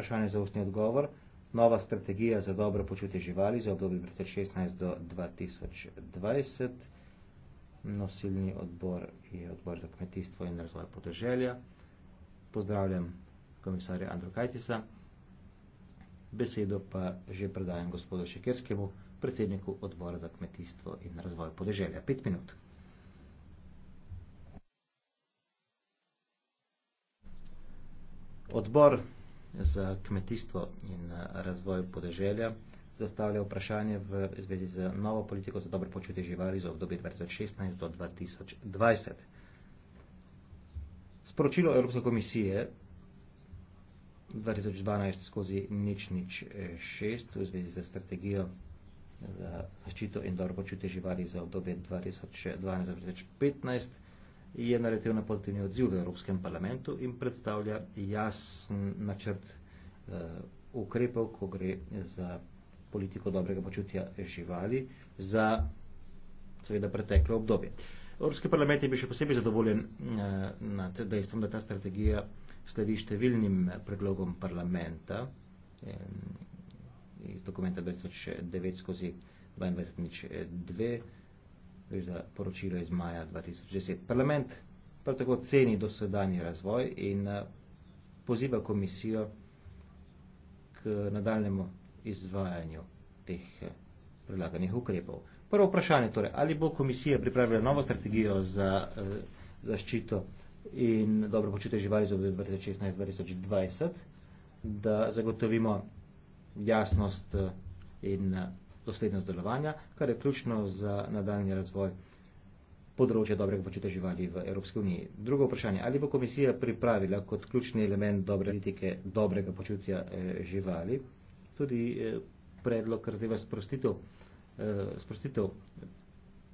vprašanje za ustni odgovor. Nova strategija za dobro počutje živali za obdobje 2016 do 2020. Nosilni odbor je odbor za kmetijstvo in razvoj podeželja. Pozdravljam komisarja Androkajtisa. Besedo pa že predajam gospodu Šekerskemu, predsedniku odbora za kmetijstvo in razvoj podeželja. Pet minut. Odbor za kmetijstvo in eh, razvoj podeželja zastavlja vprašanje v zvezi z novo politiko za dobro počutje živali za obdobje 2016 do 2020. Sporočilo Evropske komisije 2012 skozi nič nič eh, šest v zvezi za strategijo za zaščito in dobro počutje živali za obdobje 2012-2015 je naletel na pozitivni odziv v Evropskem parlamentu in predstavlja jasen načrt uh, ukrepov, ko gre za politiko dobrega počutja živali za seveda preteklo obdobje. Evropski parlament je bil še posebej zadovoljen uh, nad dejstvom, da ta strategija sledi številnim predlogom parlamenta um, iz dokumenta 2009 skozi 22.2 gre za poročilo iz maja 2010. Parlament prav tako ceni dosedanji razvoj in eh, poziva komisijo k nadaljemu izvajanju teh eh, predlaganih ukrepov. Prvo vprašanje torej, ali bo komisija pripravila novo strategijo za eh, zaščito in dobro počutje živali za 2016-2020, da zagotovimo jasnost in doslednost delovanja, kar je ključno za nadaljni razvoj področja dobrega počutja živali v Evropski uniji. Drugo vprašanje, ali bo komisija pripravila kot ključni element dobre politike dobrega počutja eh, živali tudi eh, predlog, kar zadeva sprostitev, eh, sprostitev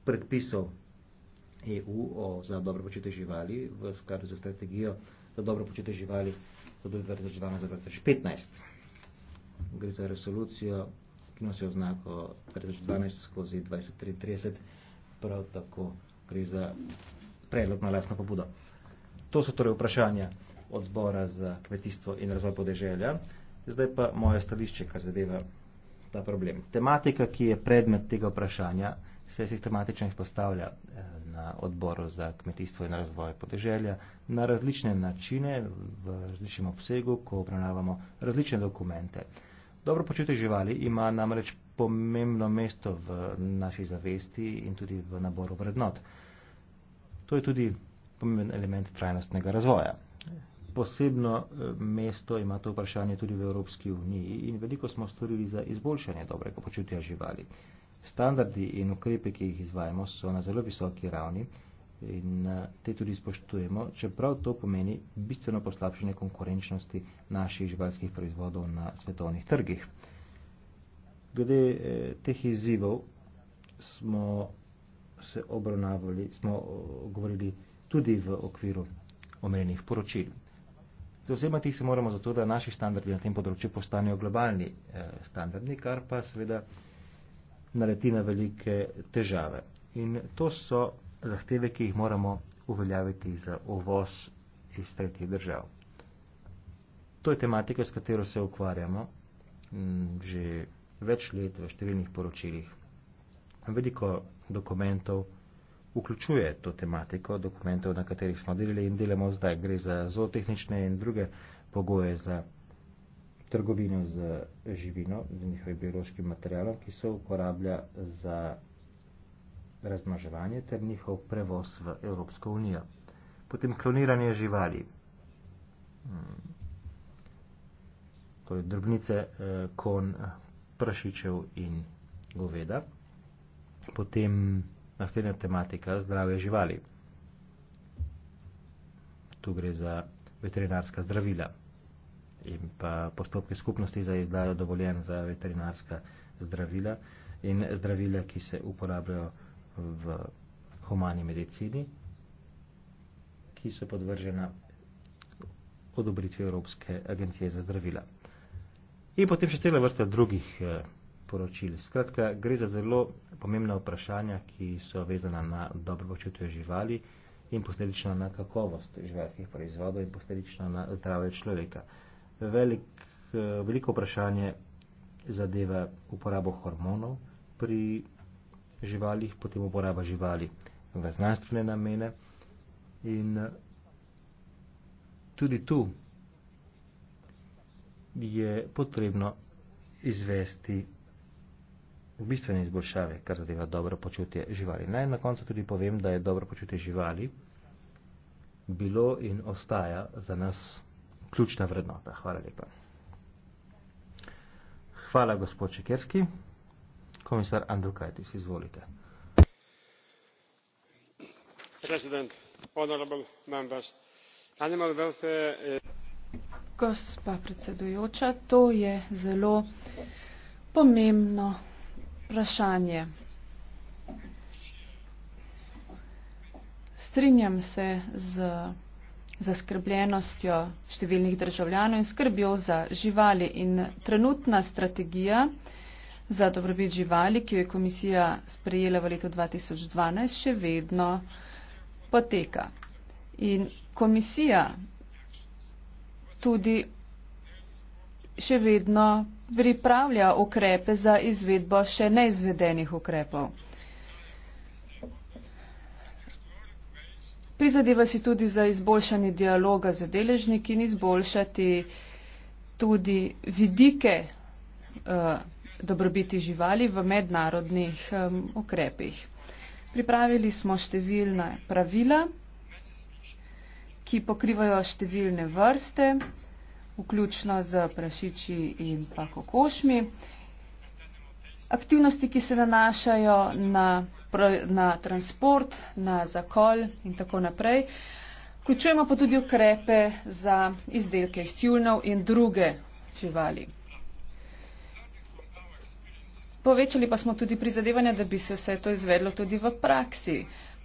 predpisov EU o, za dobro počutje živali v skladu za strategijo za dobro počutje živali za 2012-2015. Gre za resolucijo nosi oznako 2012 skozi 2030, prav tako gre za predlog na lastno pobudo. To so torej vprašanja odbora za kmetijstvo in razvoj podeželja. Zdaj pa moje stališče, kar zadeva ta problem. Tematika, ki je predmet tega vprašanja, se sistematično izpostavlja eh, na odboru za kmetijstvo in razvoj podeželja na različne načine, v različnem obsegu, ko obravnavamo različne dokumente. Dobro počutje živali ima namreč pomembno mesto v naši zavesti in tudi v naboru vrednot. To je tudi pomemben element trajnostnega razvoja. Posebno eh, mesto ima to vprašanje tudi v Evropski uniji in veliko smo storili za izboljšanje dobrega počutja živali. Standardi in ukrepe, ki jih izvajamo, so na zelo visoki ravni in eh, te tudi spoštujemo, čeprav to pomeni bistveno poslabšanje konkurenčnosti naših živalskih proizvodov na svetovnih trgih. Glede eh, teh izzivov smo se obravnavali, smo eh, govorili tudi v okviru omenjenih poročil. Zavzemati se moramo zato, da naši standardi na tem področju postanejo globalni standardni, kar pa seveda naleti na velike težave. In to so zahteve, ki jih moramo uveljaviti za uvoz iz tretjih držav. To je tematika, s katero se ukvarjamo mm, že več let v številnih poročilih. Veliko dokumentov vključuje to tematiko, dokumentov, na katerih smo delili in delamo zdaj. Gre za zootehnične in druge pogoje za trgovino z živino, z njihovim biološkim materialom, ki se uporablja za razmnoževanje ter njihov prevoz v Evropsko unijo. Potem kloniranje živali. Torej drobnice, eh, kon, prašičev in goveda. Potem naslednja tematika, zdrave živali. Tu gre za veterinarska zdravila in pa postopke skupnosti za izdajo dovoljen za veterinarska zdravila in zdravila, ki se uporabljajo v humani medicini, ki so podvržena odobritvi Evropske agencije za zdravila. In potem še cela vrsta drugih eh, poročil. Skratka, gre za zelo pomembna vprašanja, ki so vezana na dobro počutje živali in posledično na kakovost živalskih proizvodov in posledično na zdravje človeka. Velik, eh, veliko vprašanje zadeva uporabo hormonov pri živalih, potem uporaba živali v znanstvene namene. In tudi tu je potrebno izvesti bistvene izboljšave, kar zadeva dobro počutje živali. Naj na koncu tudi povem, da je dobro počutje živali bilo in ostaja za nas ključna vrednota. Hvala lepa. Hvala, gospod Čekerski komisar Andrukaitis, izvolite. President, honorable members, animal welfare eh, Gospa predsedujoča, to je zelo pomembno vprašanje. Strinjam se z zaskrbljenostjo številnih državljanov in skrbjo za živali in trenutna strategija, za dobrobit živali, ki jo je komisija sprejela v letu 2012, še vedno poteka. In komisija tudi še vedno pripravlja ukrepe za izvedbo še neizvedenih ukrepov. Prizadeva si tudi za izboljšanje dialoga z deležniki in izboljšati tudi vidike uh, dobrobiti živali v mednarodnih um, okrepih. Pripravili smo številna pravila, ki pokrivajo številne vrste, vključno z prašiči in pa kokošmi. Aktivnosti, ki se nanašajo na, na transport, na zakol in tako naprej. Vključujemo pa tudi ukrepe za izdelke iz tjulnov in druge živali. Povečali pa smo tudi prizadevanja, da bi se vse to izvedlo tudi v praksi.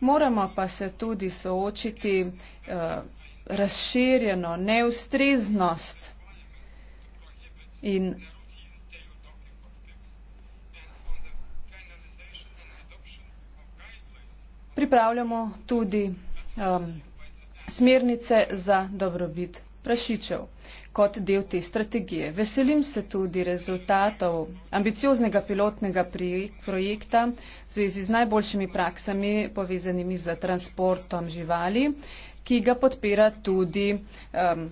Moramo pa se tudi soočiti eh, razširjeno neustreznost in pripravljamo tudi eh, smernice za dobrobit prašičev. Kot del te strategije. Veselim se tudi rezultatov ambicioznega pilotnega projekta v zvezi z najboljšimi praksami povezanimi z transportom živali, ki ga podpira tudi um,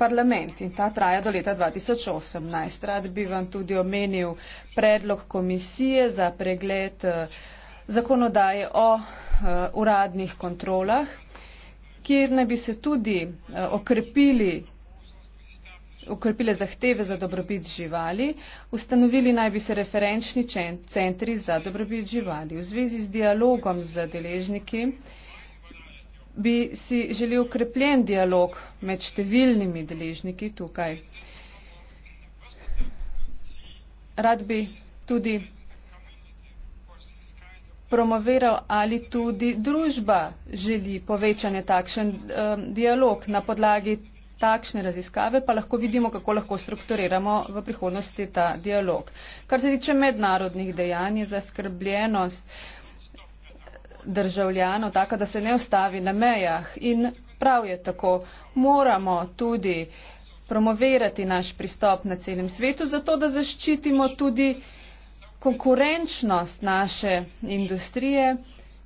parlament in ta traja do leta 2018. Rad bi vam tudi omenil predlog komisije za pregled uh, zakonodaje o uh, uradnih kontrolah kjer naj bi se tudi eh, okrepili ukrpile zahteve za dobrobit živali, ustanovili naj bi se referenčni centri za dobrobit živali. V zvezi z dialogom z deležniki bi si želel ukrepljen dialog med številnimi deležniki tukaj. Rad bi tudi promoviral, ali tudi družba želi povečanje takšen um, dialog. Na podlagi takšne raziskave pa lahko vidimo, kako lahko strukturiramo v prihodnosti ta dialog. Kar se tiče mednarodnih dejanj, je zaskrbljenost državljanov taka, da se ne ostavi na mejah in prav je tako. Moramo tudi promovirati naš pristop na celem svetu, zato da zaščitimo tudi konkurenčnost naše industrije,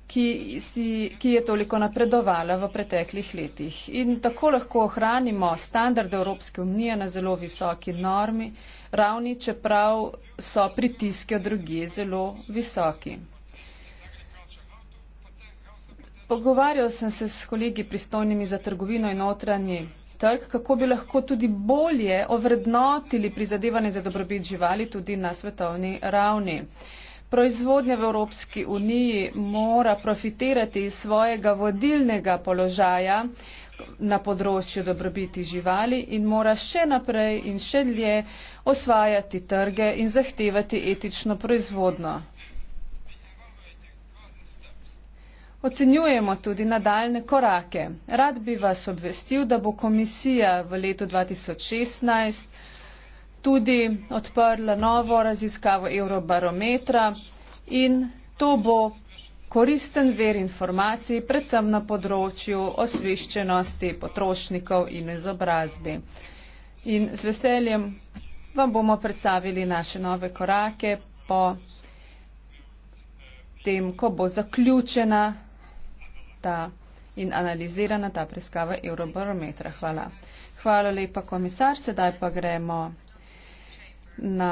ki, si, ki je toliko napredovala v preteklih letih. In tako lahko ohranimo standarde Evropske unije na zelo visoki normi, ravni, čeprav so pritiske od druge zelo visoki. Pogovarjal sem se s kolegi pristojnimi za trgovino in notranji trg, kako bi lahko tudi bolje ovrednotili prizadevanje za dobrobit živali tudi na svetovni ravni. Proizvodnja v Evropski uniji mora profitirati iz svojega vodilnega položaja na področju dobrobiti živali in mora še naprej in še dlje osvajati trge in zahtevati etično proizvodno. Ocenjujemo tudi nadaljne korake. Rad bi vas obvestil, da bo komisija v letu 2016 tudi odprla novo raziskavo Eurobarometra in to bo koristen ver informacij, predvsem na področju osveščenosti potrošnikov in izobrazbi. In z veseljem vam bomo predstavili naše nove korake po tem, ko bo zaključena ta in analizirana ta preiskava Eurobarometra. Hvala. Hvala lepa, komisar. Sedaj pa gremo na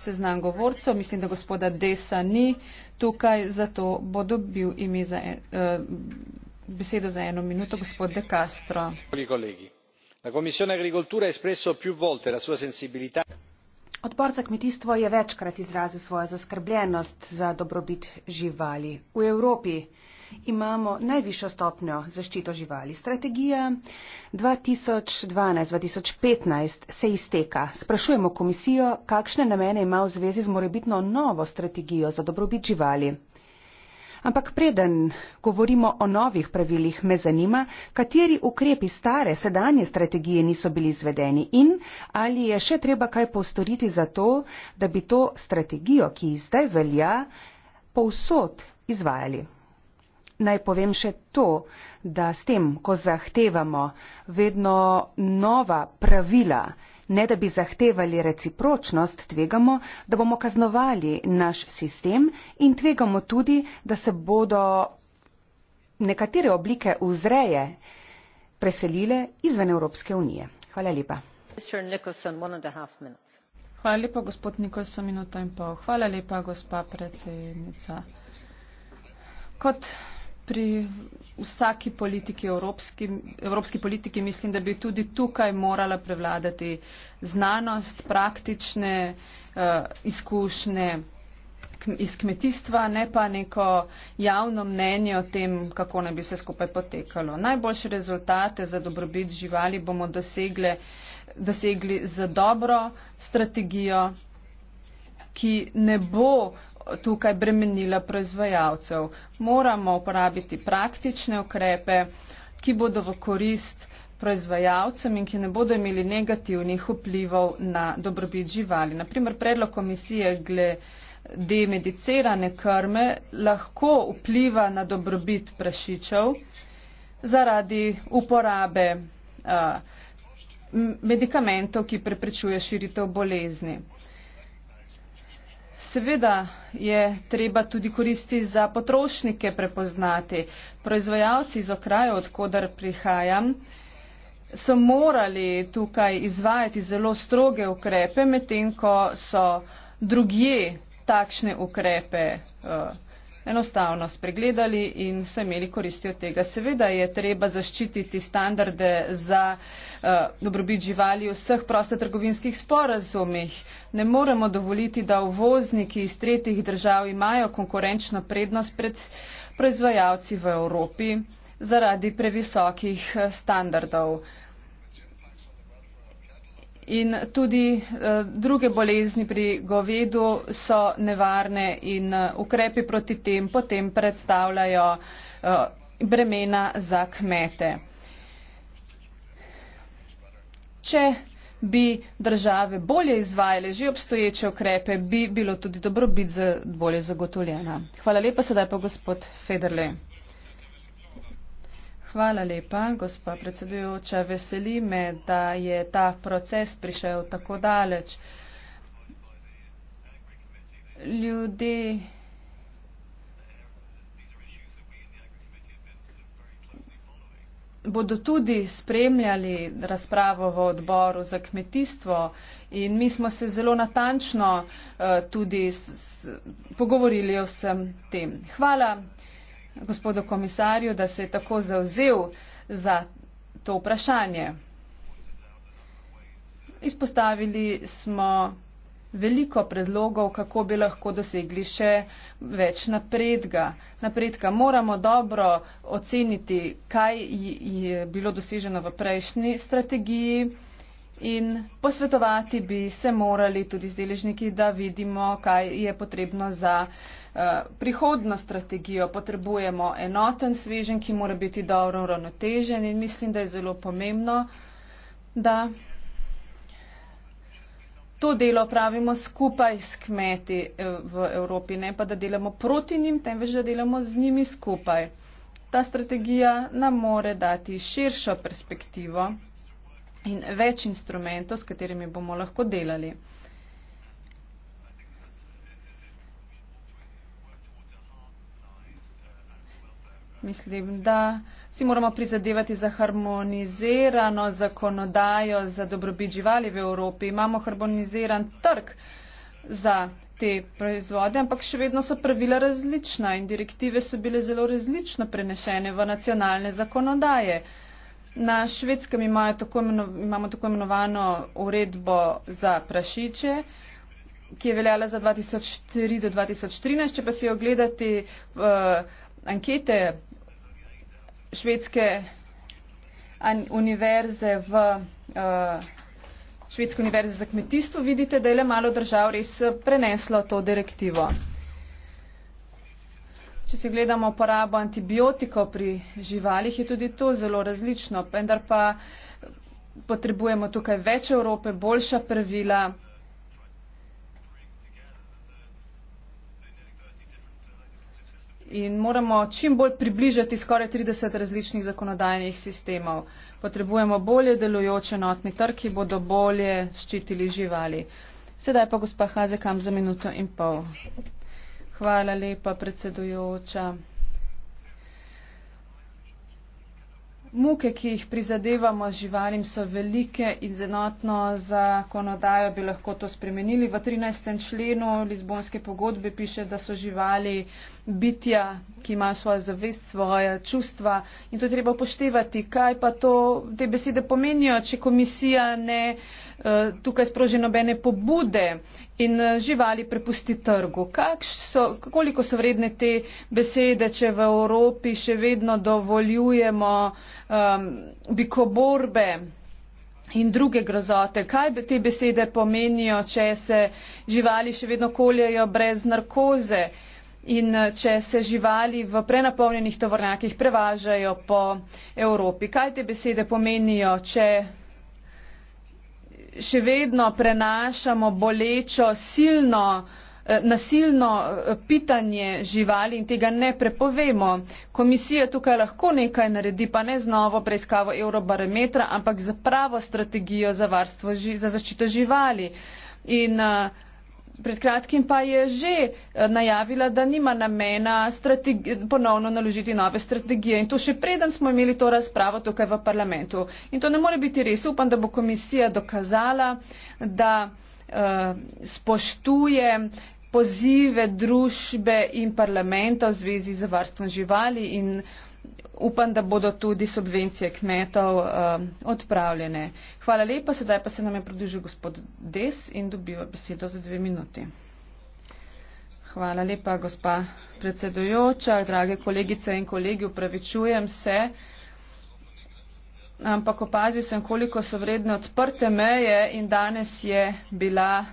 seznam govorcev. Mislim, da gospoda Desa ni tukaj, zato bo dobil ime za en, eh, besedo za eno minuto gospod De Castro. Odbor za kmetijstvo je večkrat izrazil svojo zaskrbljenost za dobrobit živali. V Evropi imamo najvišjo stopnjo zaščito živali. Strategija 2012-2015 se izteka. Sprašujemo komisijo, kakšne namene ima v zvezi z morebitno novo strategijo za dobrobit živali. Ampak preden govorimo o novih pravilih, me zanima, kateri ukrepi stare sedanje strategije niso bili izvedeni in ali je še treba kaj postoriti za to, da bi to strategijo, ki zdaj velja, povsod izvajali naj povem še to, da s tem, ko zahtevamo vedno nova pravila, ne da bi zahtevali recipročnost, tvegamo, da bomo kaznovali naš sistem in tvegamo tudi, da se bodo nekatere oblike vzreje preselile izven Evropske unije. Hvala lepa. Hvala lepa, gospod Nikolson, minuto in pol. Hvala lepa, gospa predsednica. Kot pri vsaki politiki, evropski, evropski politiki, mislim, da bi tudi tukaj morala prevladati znanost, praktične uh, izkušnje iz kmetijstva, ne pa neko javno mnenje o tem, kako naj bi se skupaj potekalo. Najboljše rezultate za dobrobit živali bomo dosegle, dosegli z dobro strategijo, ki ne bo tukaj bremenila proizvajalcev. Moramo uporabiti praktične ukrepe, ki bodo v korist proizvajalcem in ki ne bodo imeli negativnih vplivov na dobrobit živali. Naprimer, predlog komisije glede medicirane krme lahko vpliva na dobrobit prašičev zaradi uporabe uh, medikamentov, ki preprečuje širitev bolezni. Seveda je treba tudi koristi za potrošnike prepoznati. Proizvajalci iz okraja, odkudar prihajam, so morali tukaj izvajati zelo stroge ukrepe, medtem ko so drugje takšne ukrepe. Uh, enostavno spregledali in so imeli koristi od tega. Seveda je treba zaščititi standarde za uh, dobrobit živali v vseh prostotrgovinskih sporazumih. Ne moremo dovoliti, da uvozniki iz tretjih držav imajo konkurenčno prednost pred proizvajalci v Evropi zaradi previsokih eh, standardov. Uh, in tudi uh, druge bolezni pri govedu so nevarne in uh, ukrepi proti tem potem predstavljajo uh, bremena za kmete. Če bi države bolje izvajale že obstoječe ukrepe, bi bilo tudi dobrobit bolje zagotovljena. Hvala lepa, sedaj pa gospod Federle. Hvala lepa, gospa predsedujoča. Veseli me, da je ta proces prišel tako daleč. Ljudje bodo tudi spremljali razpravo v odboru za kmetijstvo in mi smo se zelo natančno uh, tudi s, s, pogovorili o vsem tem. Hvala gospodu komisarju, da se je tako zauzel za to vprašanje. Izpostavili smo veliko predlogov, kako bi lahko dosegli še več napredka. napredka. Moramo dobro oceniti, kaj je bilo doseženo v prejšnji strategiji in posvetovati bi se morali tudi z deležniki, da vidimo, kaj je potrebno za Eh, prihodno strategijo potrebujemo enoten svežen, ki mora biti dobro uravnotežen in mislim, da je zelo pomembno, da to delo pravimo skupaj s kmeti eh, v Evropi, ne pa da delamo proti njim, temveč da delamo z njimi skupaj. Ta strategija nam more dati širšo perspektivo in več instrumentov, s katerimi bomo lahko delali. Mislim, da si moramo prizadevati za harmonizirano zakonodajo za dobrobit živali v Evropi. Imamo harmoniziran trg za te proizvode, ampak še vedno so pravila različna in direktive so bile zelo različno prenešene v nacionalne zakonodaje. Na švedskem imajo tako imeno, imamo tako imenovano uredbo za prašiče ki je veljala za 2004 do 2013, če pa si ogledate uh, ankete švedske univerze v uh, Švedske univerze za kmetijstvo, vidite, da je le malo držav res eh, preneslo to direktivo. Če si gledamo porabo antibiotikov pri živalih, je tudi to zelo različno, vendar pa potrebujemo tukaj več Evrope, boljša pravila. in moramo čim bolj približati skoraj 30 različnih zakonodajnih sistemov. Potrebujemo bolje delujoče notni trg, ki bodo bolje ščitili živali. Sedaj pa gospa Hazekam za minuto in pol. Hvala lepa, predsedujoča. Muke, ki jih prizadevamo živalim, so velike in zenotno zakonodajo bi lahko to spremenili. V 13. členu Lizbonske pogodbe piše, da so živali bitja, ki imajo svojo zavest, svoje čustva in to je treba upoštevati. Kaj pa to te besede pomenijo, če komisija ne. Uh, Eh, tukaj sproži nobene pobude in eh, živali prepusti trgu. So, koliko so vredne te besede, če v Evropi še vedno dovoljujemo um, bikoborbe? In druge grozote, kaj te besede pomenijo, če se živali še vedno koljejo brez narkoze in eh, če se živali v prenapolnjenih tovornjakih prevažajo po Evropi. Kaj te besede pomenijo, če še vedno prenašamo bolečo, silno, eh, nasilno eh, pitanje živali in tega ne prepovemo. Komisija tukaj lahko nekaj naredi, pa ne z novo preiskavo eurobarometra, ampak za pravo strategijo za, varstvo, za zaščito živali. In uh, pred kratkim pa je že eh, najavila, da nima namena ponovno naložiti nove strategije in to še preden smo imeli to razpravo tukaj v parlamentu. In to ne more biti res. Upam, da bo komisija dokazala, da eh, spoštuje pozive družbe in parlamenta v zvezi z varstvom živali in upam, da bodo tudi subvencije kmetov um, odpravljene. Hvala lepa, sedaj pa se nam je pridružil gospod Des in dobiva besedo za dve minuti. Hvala lepa, gospa predsedujoča, drage kolegice in kolegi, upravičujem se, ampak opazil sem, koliko so vredne odprte meje in danes je bila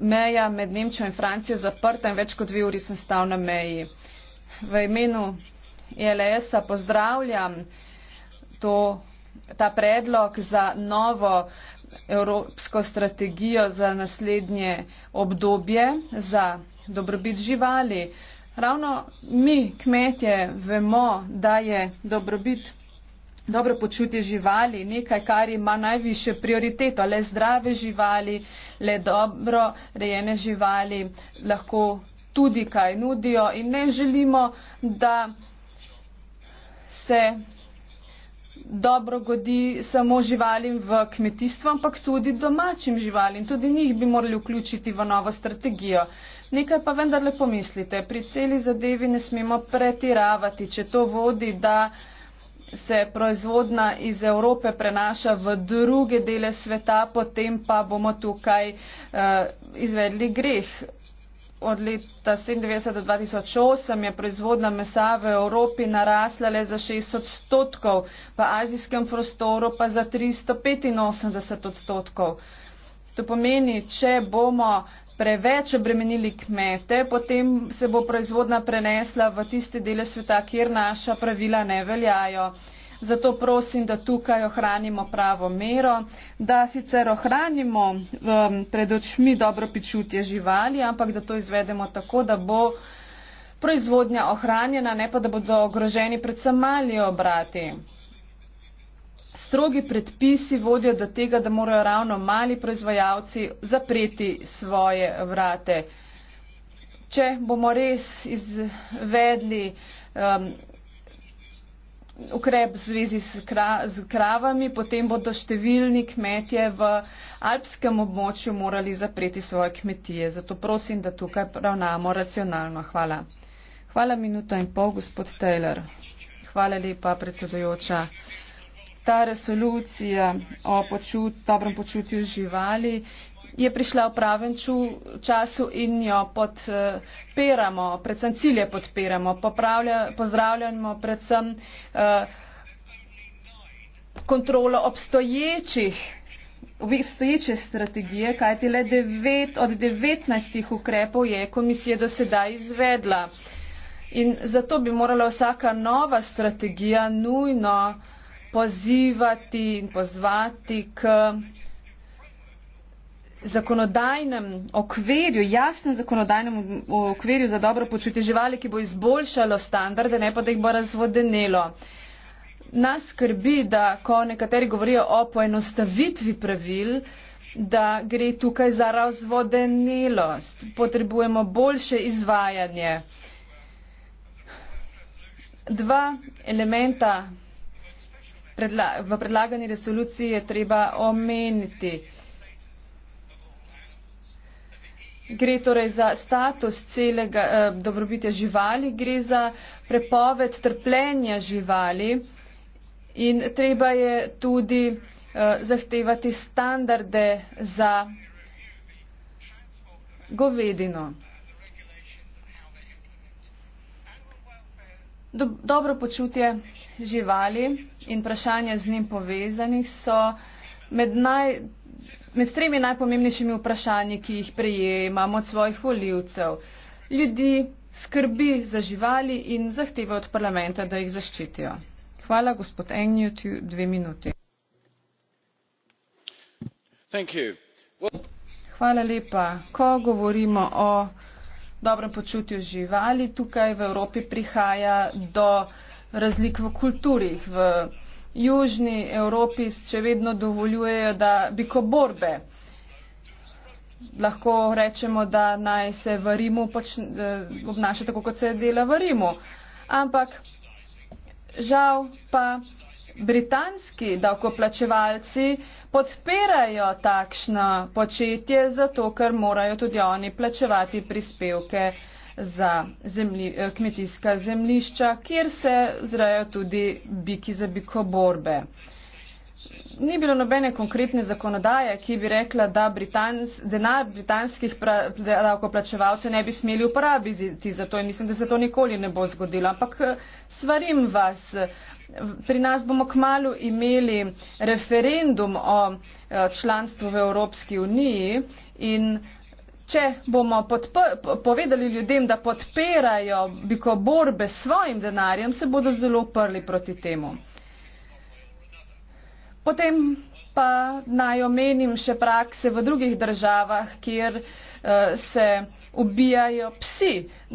meja med Nemčijo in Francijo zaprta in več kot dve uri sem stal na meji v imenu ILS-a e pozdravljam to, ta predlog za novo evropsko strategijo za naslednje obdobje za dobrobit živali. Ravno mi, kmetje, vemo, da je dobrobit, dobro počutje živali nekaj, kar ima najviše prioriteto. Le zdrave živali, le dobro rejene živali lahko tudi kaj nudijo in ne želimo, da se dobro godi samo živalim v kmetijstvu, ampak tudi domačim živalim. Tudi njih bi morali vključiti v novo strategijo. Nekaj pa vendarle pomislite, pri celi zadevi ne smemo pretiravati, če to vodi, da se proizvodna iz Evrope prenaša v druge dele sveta, potem pa bomo tukaj uh, izvedli greh od leta 97 do 2008 je proizvodna mesa v Evropi narasla le za 6 odstotkov, v azijskem prostoru pa za 385 odstotkov. To pomeni, če bomo preveč obremenili kmete, potem se bo proizvodna prenesla v tiste dele sveta, kjer naša pravila ne veljajo. Zato prosim, da tukaj ohranimo pravo mero, da sicer ohranimo um, pred očmi dobro pičutje živali, ampak da to izvedemo tako, da bo proizvodnja ohranjena, ne pa da bodo ogroženi predvsem mali obrati. Strogi predpisi vodijo do tega, da morajo ravno mali proizvajalci zapreti svoje vrate. Če bomo res izvedli um, ukrep v zvezi s, kra, z kravami, potem bodo številni kmetje v alpskem območju morali zapreti svoje kmetije. Zato prosim, da tukaj ravnamo racionalno. Hvala. Hvala minuto in pol, gospod Taylor. Hvala lepa, predsedujoča. Ta resolucija o počut, dobrem počutju živali je prišla v pravem ču, času in jo podpiramo, predvsem cilje podpiramo, pozdravljamo predvsem eh, kontrolo obstoječih obstoječe strategije, kajti le 9 od 19 ukrepov je komisija do sedaj izvedla. In zato bi morala vsaka nova strategija nujno pozivati in pozvati k zakonodajnem okvirju, jasnem zakonodajnem okvirju za dobro počutje živali, ki bo izboljšalo standarde, ne pa da jih bo razvodenilo. Nas skrbi, da ko nekateri govorijo o poenostavitvi pravil, da gre tukaj za razvodenilost. Potrebujemo boljše izvajanje. Dva elementa predla v predlagani resoluciji je treba omeniti. Gre torej za status celega eh, dobrobitja živali, gre za prepoved trpljenja živali in treba je tudi eh, zahtevati standarde za govedino. Dobro počutje živali in vprašanja z njim povezanih so med najbolj med tremi najpomembnejšimi vprašanji, ki jih prejemamo od svojih voljivcev. Ljudi skrbi za živali in zahteva od parlamenta, da jih zaščitijo. Hvala, gospod Engnjut, dve minuti. Hvala lepa. Ko govorimo o dobrem počutju živali, tukaj v Evropi prihaja do razlik v kulturih. V južni Evropi še vedno dovoljujejo, da bi ko borbe. Lahko rečemo, da naj se v Rimu pač, eh, obnaša tako, kot se dela v Rimu. Ampak žal pa britanski davkoplačevalci podpirajo takšno početje, zato ker morajo tudi oni plačevati prispevke za zemlji, eh, kmetijska zemlišča, kjer se zrajo tudi biki za biko borbe. Ni bilo nobene konkretne zakonodaje, ki bi rekla, da Britans, denar britanskih davkoplačevalcev ne bi smeli uporabiti za to in mislim, da se to nikoli ne bo zgodilo. Ampak eh, svarim vas, pri nas bomo kmalo imeli referendum o eh, članstvu v Evropski uniji in če bomo povedali ljudem, da podpirajo biko borbe s svojim denarjem, se bodo zelo prli proti temu. Potem pa naj omenim še prakse v drugih državah, kjer eh, se ubijajo psi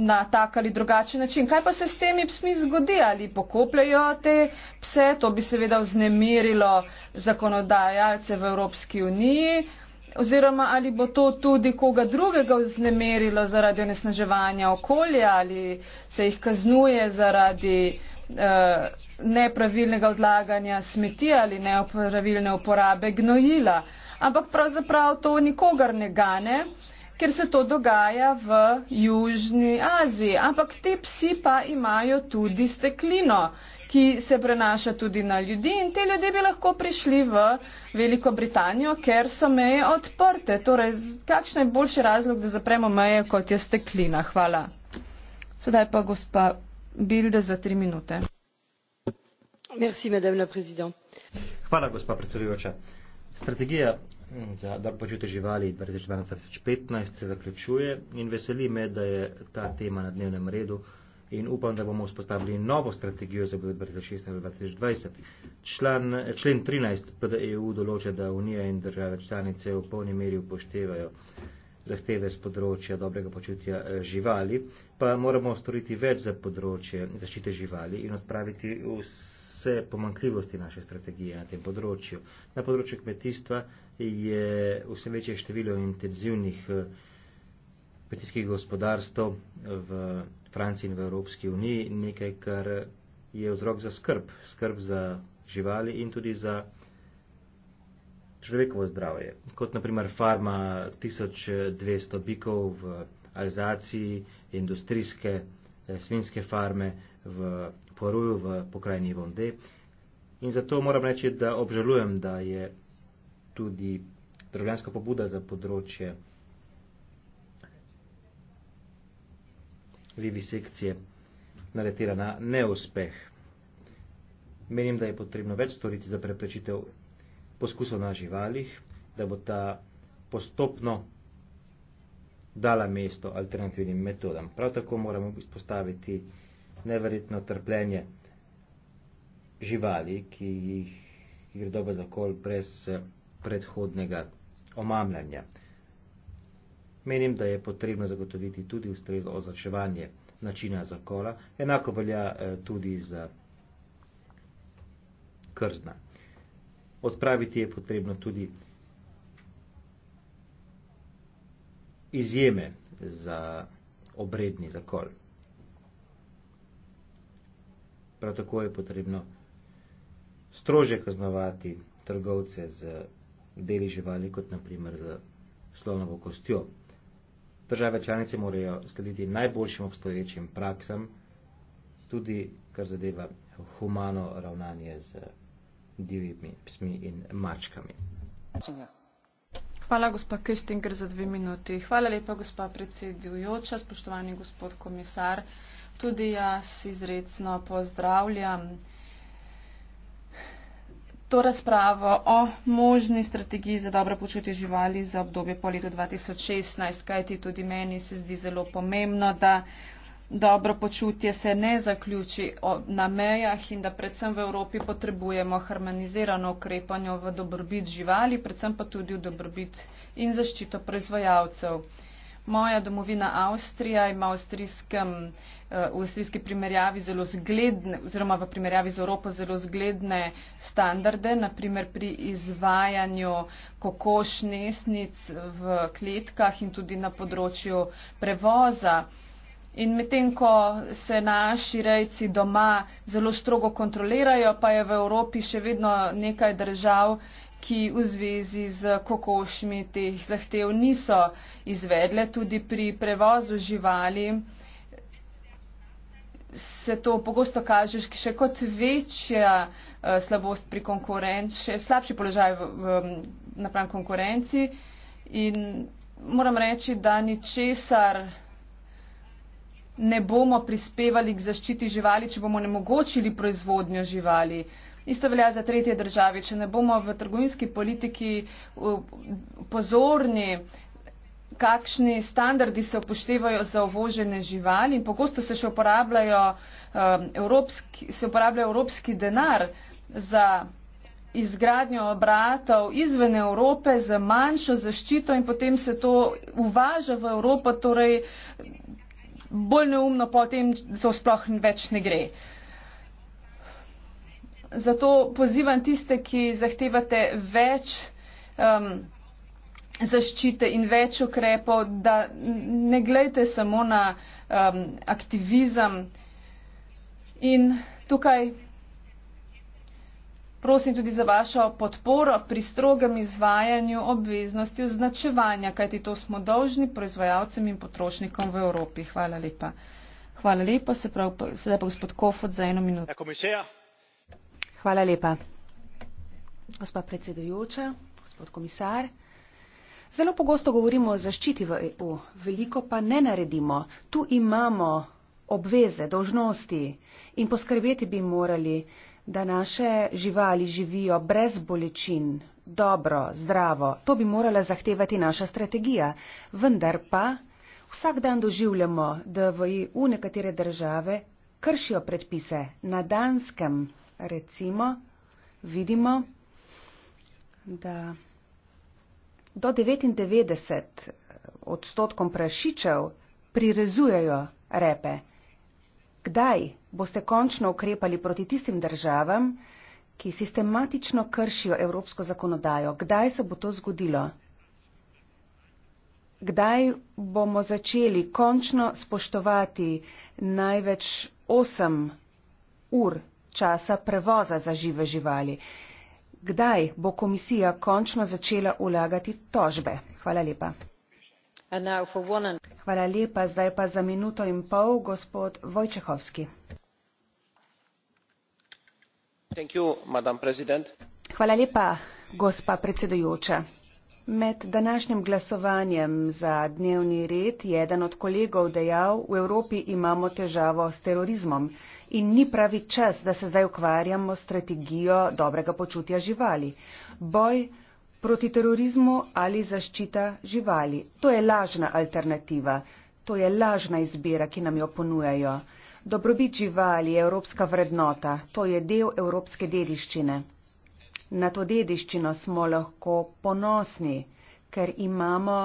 na tak ali drugačen način. Kaj pa se s temi psmi zgodi? Ali pokopljajo te pse? To bi seveda vznemirilo zakonodajalce v Evropski uniji oziroma ali bo to tudi koga drugega vznemerilo zaradi onesnaževanja okolja ali se jih kaznuje zaradi uh, nepravilnega odlaganja smeti ali nepravilne uporabe gnojila. Ampak pravzaprav to nikogar ne gane, ker se to dogaja v Južni Aziji. Ampak te psi pa imajo tudi steklino. Uh, ki se prenaša tudi na ljudi in te ljudje bi lahko prišli v Veliko Britanijo, ker so meje odprte. Torej, kakšen je boljši razlog, da zapremo meje, kot je steklina? Hvala. Sedaj pa gospa Bilde za tri minute. Merci, Hvala, gospa predsedujoča. Strategija mm, za dobro počutje živali 2012-2015 se zaključuje in veseli me, da je ta tema na dnevnem redu in upam, da bomo vzpostavili novo strategijo za boj 2016-2020. Člen 13 PDEU določa, da Unija in države članice v polni meri upoštevajo zahteve z področja dobrega počutja eh, živali, pa moramo storiti več za področje zaščite živali in odpraviti vse pomankljivosti naše strategije na tem področju. Na področju kmetijstva je vse večje število intenzivnih eh, kmetijskih gospodarstv v Franciji in v Evropski uniji, nekaj, kar je vzrok za skrb, skrb za živali in tudi za človekovo zdravje. Kot naprimer farma 1200 bikov v Alzaciji, industrijske eh, svinske farme v Poruju, v pokrajini Vonde. In zato moram reči, da obžalujem, da je tudi državljanska pobuda za področje vivisekcije naletela na neuspeh. Menim, da je potrebno več storiti za preprečitev poskusov na živalih, da bo ta postopno dala mesto alternativnim metodam. Prav tako moramo izpostaviti neverjetno trpljenje živali, ki jih gre dobe za kol brez eh, predhodnega omamljanja menim, da je potrebno zagotoviti tudi ustrezno označevanje načina zakola, enako velja eh, tudi za krzna. Odpraviti je potrebno tudi izjeme za obredni zakol. Prav tako je potrebno strože kaznovati trgovce z deli živali, kot naprimer z slonovo kostjo. Države članice morajo slediti najboljšim obstoječim praksam, tudi kar zadeva humano ravnanje z divjimi psmi in mačkami. Hvala, gospa Kestinger, za dve minuti. Hvala lepa, gospa predsedujoča, spoštovani gospod komisar. Tudi jaz izredno pozdravljam to razpravo o možni strategiji za dobro počutje živali za obdobje po letu 2016, kajti tudi meni se zdi zelo pomembno, da dobro počutje se ne zaključi na mejah in da predvsem v Evropi potrebujemo harmonizirano ukrepanje v dobrobit živali, predvsem pa tudi v dobrobit in zaščito proizvajalcev. Moja domovina Avstrija ima v, eh, v avstrijski primerjavi zelo zgledne, oziroma v primerjavi z Evropo zelo zgledne standarde, naprimer pri izvajanju kokoš nesnic v kletkah in tudi na področju prevoza. In medtem, ko se naši rejci doma zelo strogo kontrolirajo, pa je v Evropi še vedno nekaj držav, ki v zvezi z kokošmi teh zahtev niso izvedle. Tudi pri prevozu živali se to pogosto kaže še kot večja eh, slabost pri konkurenci, še slabši položaj napram konkurenci. In moram reči, da ničesar ne bomo prispevali k zaščiti živali, če bomo ne mogočili proizvodnjo živali. Uh, Isto velja za tretje države. Če ne bomo v trgovinski politiki pozorni, kakšni standardi se upoštevajo za uvožene živali in pogosto se še uporabljajo um, evropski, se uporablja evropski denar za izgradnjo obratov izven Evrope za manjšo zaščito in potem se to uvaža v Evropo, torej bolj neumno potem to sploh več ne gre. Uh, zato pozivam tiste, ki zahtevate več um, zaščite in več ukrepov, da ne gledajte samo na um, aktivizem. In tukaj prosim tudi za vašo podporo pri strogem izvajanju obveznosti označevanja, kajti to smo dolžni proizvajalcem in potrošnikom v Evropi. Hvala lepa. Hvala lepa, se pravi, sedaj pa gospod Kofod za eno minuto. Ja, Hvala lepa. Gospa predsedujoča, gospod komisar. Zelo pogosto govorimo o zaščiti v EU, veliko pa ne naredimo. Tu imamo obveze, dožnosti in poskrbeti bi morali, da naše živali živijo brez bolečin, dobro, zdravo. To bi morala zahtevati naša strategija. Vendar pa vsak dan doživljamo, da v EU nekatere države kršijo predpise na danskem recimo, vidimo, da do 99 odstotkom prašičev prirezujejo repe. Kdaj boste končno ukrepali proti tistim državam, ki sistematično kršijo evropsko zakonodajo? Kdaj se bo to zgodilo? Kdaj bomo začeli končno spoštovati največ 8 ur časa prevoza za žive živali. Kdaj bo komisija končno začela vlagati tožbe? Hvala lepa. Hvala lepa, zdaj pa za minuto in pol gospod Vojčehovski. Hvala lepa, gospa predsedujoča. Med današnjim glasovanjem za dnevni red je eden od kolegov dejal, v Evropi imamo težavo s terorizmom in ni pravi čas, da se zdaj ukvarjamo s strategijo dobrega počutja živali. Boj proti terorizmu ali zaščita živali. To je lažna alternativa, to je lažna izbira, ki nam jo ponujajo. Dobrobit živali je evropska vrednota, to je del evropske dediščine. Na to dediščino smo lahko ponosni, ker imamo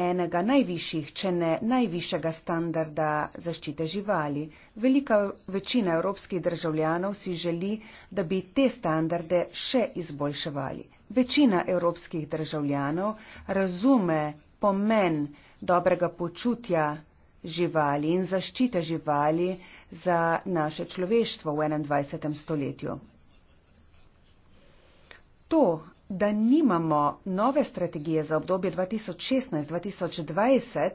enega najvišjih, če ne najvišjega standarda zaščite živali. Velika večina evropskih državljanov si želi, da bi te standarde še izboljševali. Večina evropskih državljanov razume pomen dobrega počutja živali in zaščite živali za naše človeštvo v 21. stoletju to, da nimamo nove strategije za obdobje 2016-2020,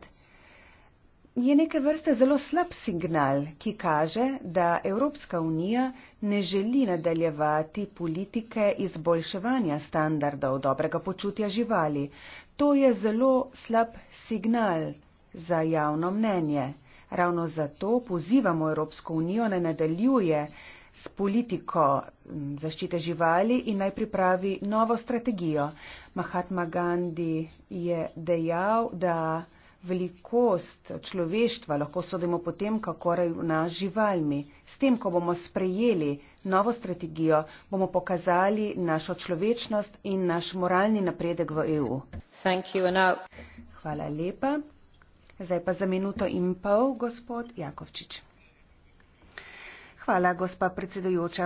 je neke vrste zelo slab signal, ki kaže, da Evropska unija ne želi nadaljevati politike izboljševanja standardov dobrega počutja živali. To je zelo slab signal za javno mnenje. Ravno zato pozivamo Evropsko unijo, da nadaljuje s politiko zaščite živali in naj pripravi novo strategijo. Mahatma Gandhi je dejal, da velikost človeštva lahko sodimo potem, kako ravna z živalmi. S tem, ko bomo sprejeli novo strategijo, bomo pokazali našo človečnost in naš moralni napredek v EU. Hvala lepa. Zdaj pa za minuto in pol, gospod Jakovčič. Hvala, gospa predsedujoča.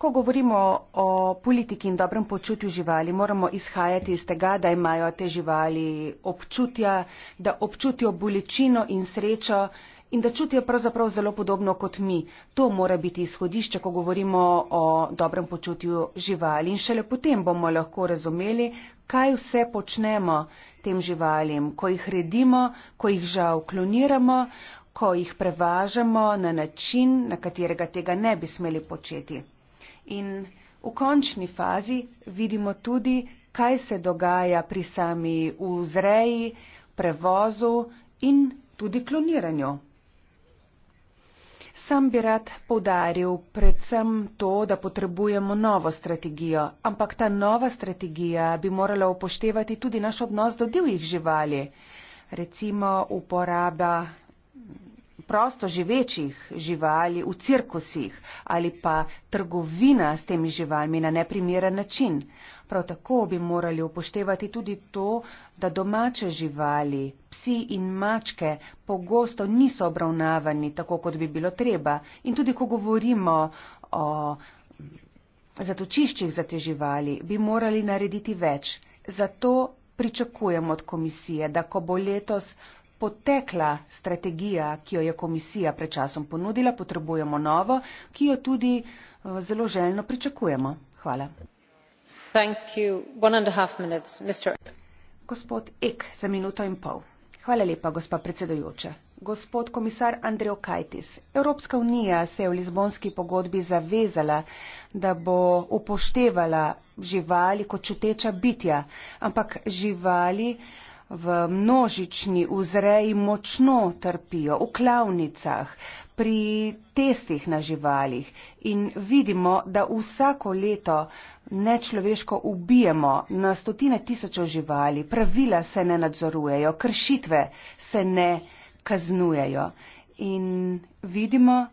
Ko govorimo o politiki in dobrem počutju živali, moramo izhajati iz tega, da imajo te živali občutja, da občutijo bolečino in srečo in da čutijo pravzaprav zelo podobno kot mi. To mora biti izhodišče, ko govorimo o dobrem počutju živali in šele potem bomo lahko razumeli, kaj vse počnemo tem živalim, ko jih redimo, ko jih žal kloniramo, ko jih prevažamo na način, na katerega tega ne bi smeli početi. In v končni fazi vidimo tudi, kaj se dogaja pri sami vzreji, prevozu in tudi kloniranju. Sam bi rad povdaril predvsem to, da potrebujemo novo strategijo, ampak ta nova strategija bi morala upoštevati tudi naš odnos do divjih živali, recimo uporaba prosto živečih živali v cirkusih ali pa trgovina s temi živalmi na neprimeren način. Prav tako bi morali upoštevati tudi to, da domače živali, psi in mačke, pogosto niso obravnavani tako, kot bi bilo treba. In tudi, ko govorimo o zatočiščih za te živali, bi morali narediti več. Zato pričakujem od komisije, da ko bo letos potekla strategija, ki jo je komisija pred časom ponudila, potrebujemo novo, ki jo tudi eh, zelo željno pričakujemo. Hvala. Gospod Ek, za minuto in pol. Hvala lepa, gospa predsedujoča. Gospod komisar Andrej Okajtis, Evropska unija se je v Lizbonski pogodbi zavezala, da bo upoštevala živali kot čuteča bitja, ampak živali v množični vzreji močno trpijo v klavnicah, pri testih na živalih in vidimo, da vsako leto nečloveško ubijemo na stotine tisočev živali, pravila se ne nadzorujejo, kršitve se ne kaznujejo in vidimo,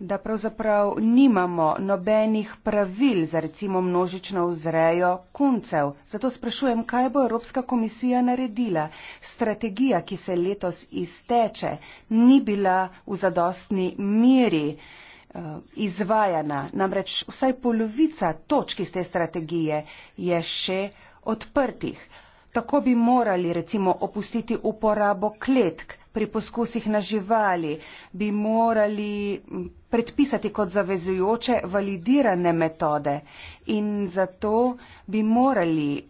da pravzaprav nimamo nobenih pravil za recimo množično vzrejo kuncev. Zato sprašujem, kaj bo Evropska komisija naredila. Strategija, ki se letos izteče, ni bila v zadostni miri eh, izvajana. Namreč vsaj polovica točk iz te strategije je še odprtih. Tako bi morali recimo opustiti uporabo kletk, pri poskusih na živali, bi morali predpisati kot zavezujoče validirane metode in zato bi morali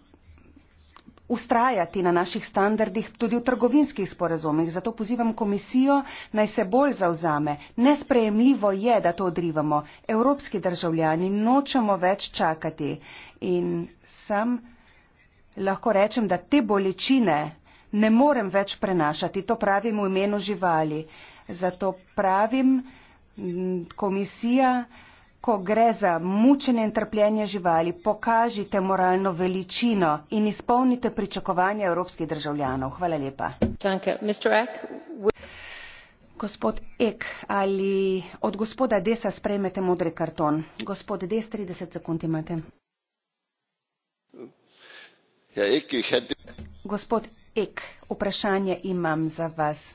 ustrajati na naših standardih tudi v trgovinskih sporazumih. Zato pozivam komisijo naj se bolj zauzame. Nesprejemljivo je, da to odrivamo. Evropski državljani nočemo več čakati in sem lahko rečem, da te bolečine ne morem več prenašati, to pravim v imenu živali. Zato pravim, komisija, ko gre za mučenje in trpljenje živali, pokažite moralno veličino in izpolnite pričakovanja evropskih državljanov. Hvala lepa. Gospod Ek, ali od gospoda Desa sprejmete modri karton? Gospod Des, 30 sekund imate. Ja, Ek, hadi. Gospod Ek, vprašanje imam za vas.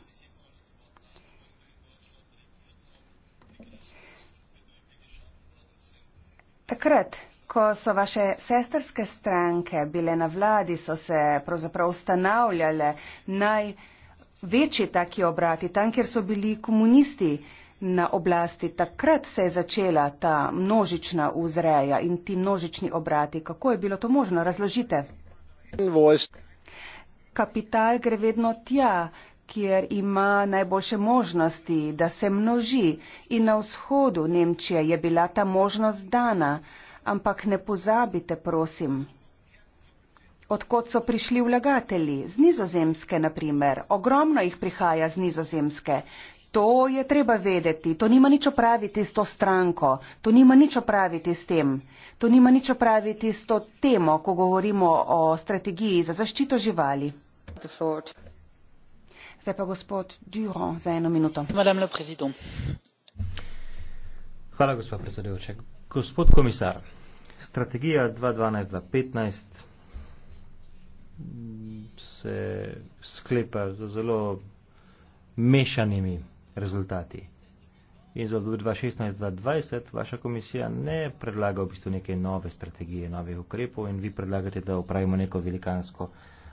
Takrat, ko so vaše sesterske stranke bile na vladi, so se pravzaprav ustanavljale največji taki obrati, tam, kjer so bili komunisti na oblasti. Takrat se je začela ta množična uzreja in ti množični obrati. Kako je bilo to možno? Razložite kapital gre vedno tja, kjer ima najboljše možnosti, da se množi. In na vzhodu Nemčije je bila ta možnost dana, ampak ne pozabite, prosim. Odkot so prišli vlagatelji? Z nizozemske, na primer. Ogromno jih prihaja z nizozemske. To je treba vedeti. To nima nič opraviti s to stranko. To nima nič opraviti s tem. To nima nič opraviti s to temo, ko govorimo o strategiji za zaščito živali madame la présidente gospod komisar strategija dva dvanajst dva petnajst se sklepa z zelo mešanimi rezultati in za obdobje dva šestnajst dva dvajset vaša komisija ne predlaga v bistvu neke nove strategije novih ukrepov in vi predlagate da opravimo neko velikansko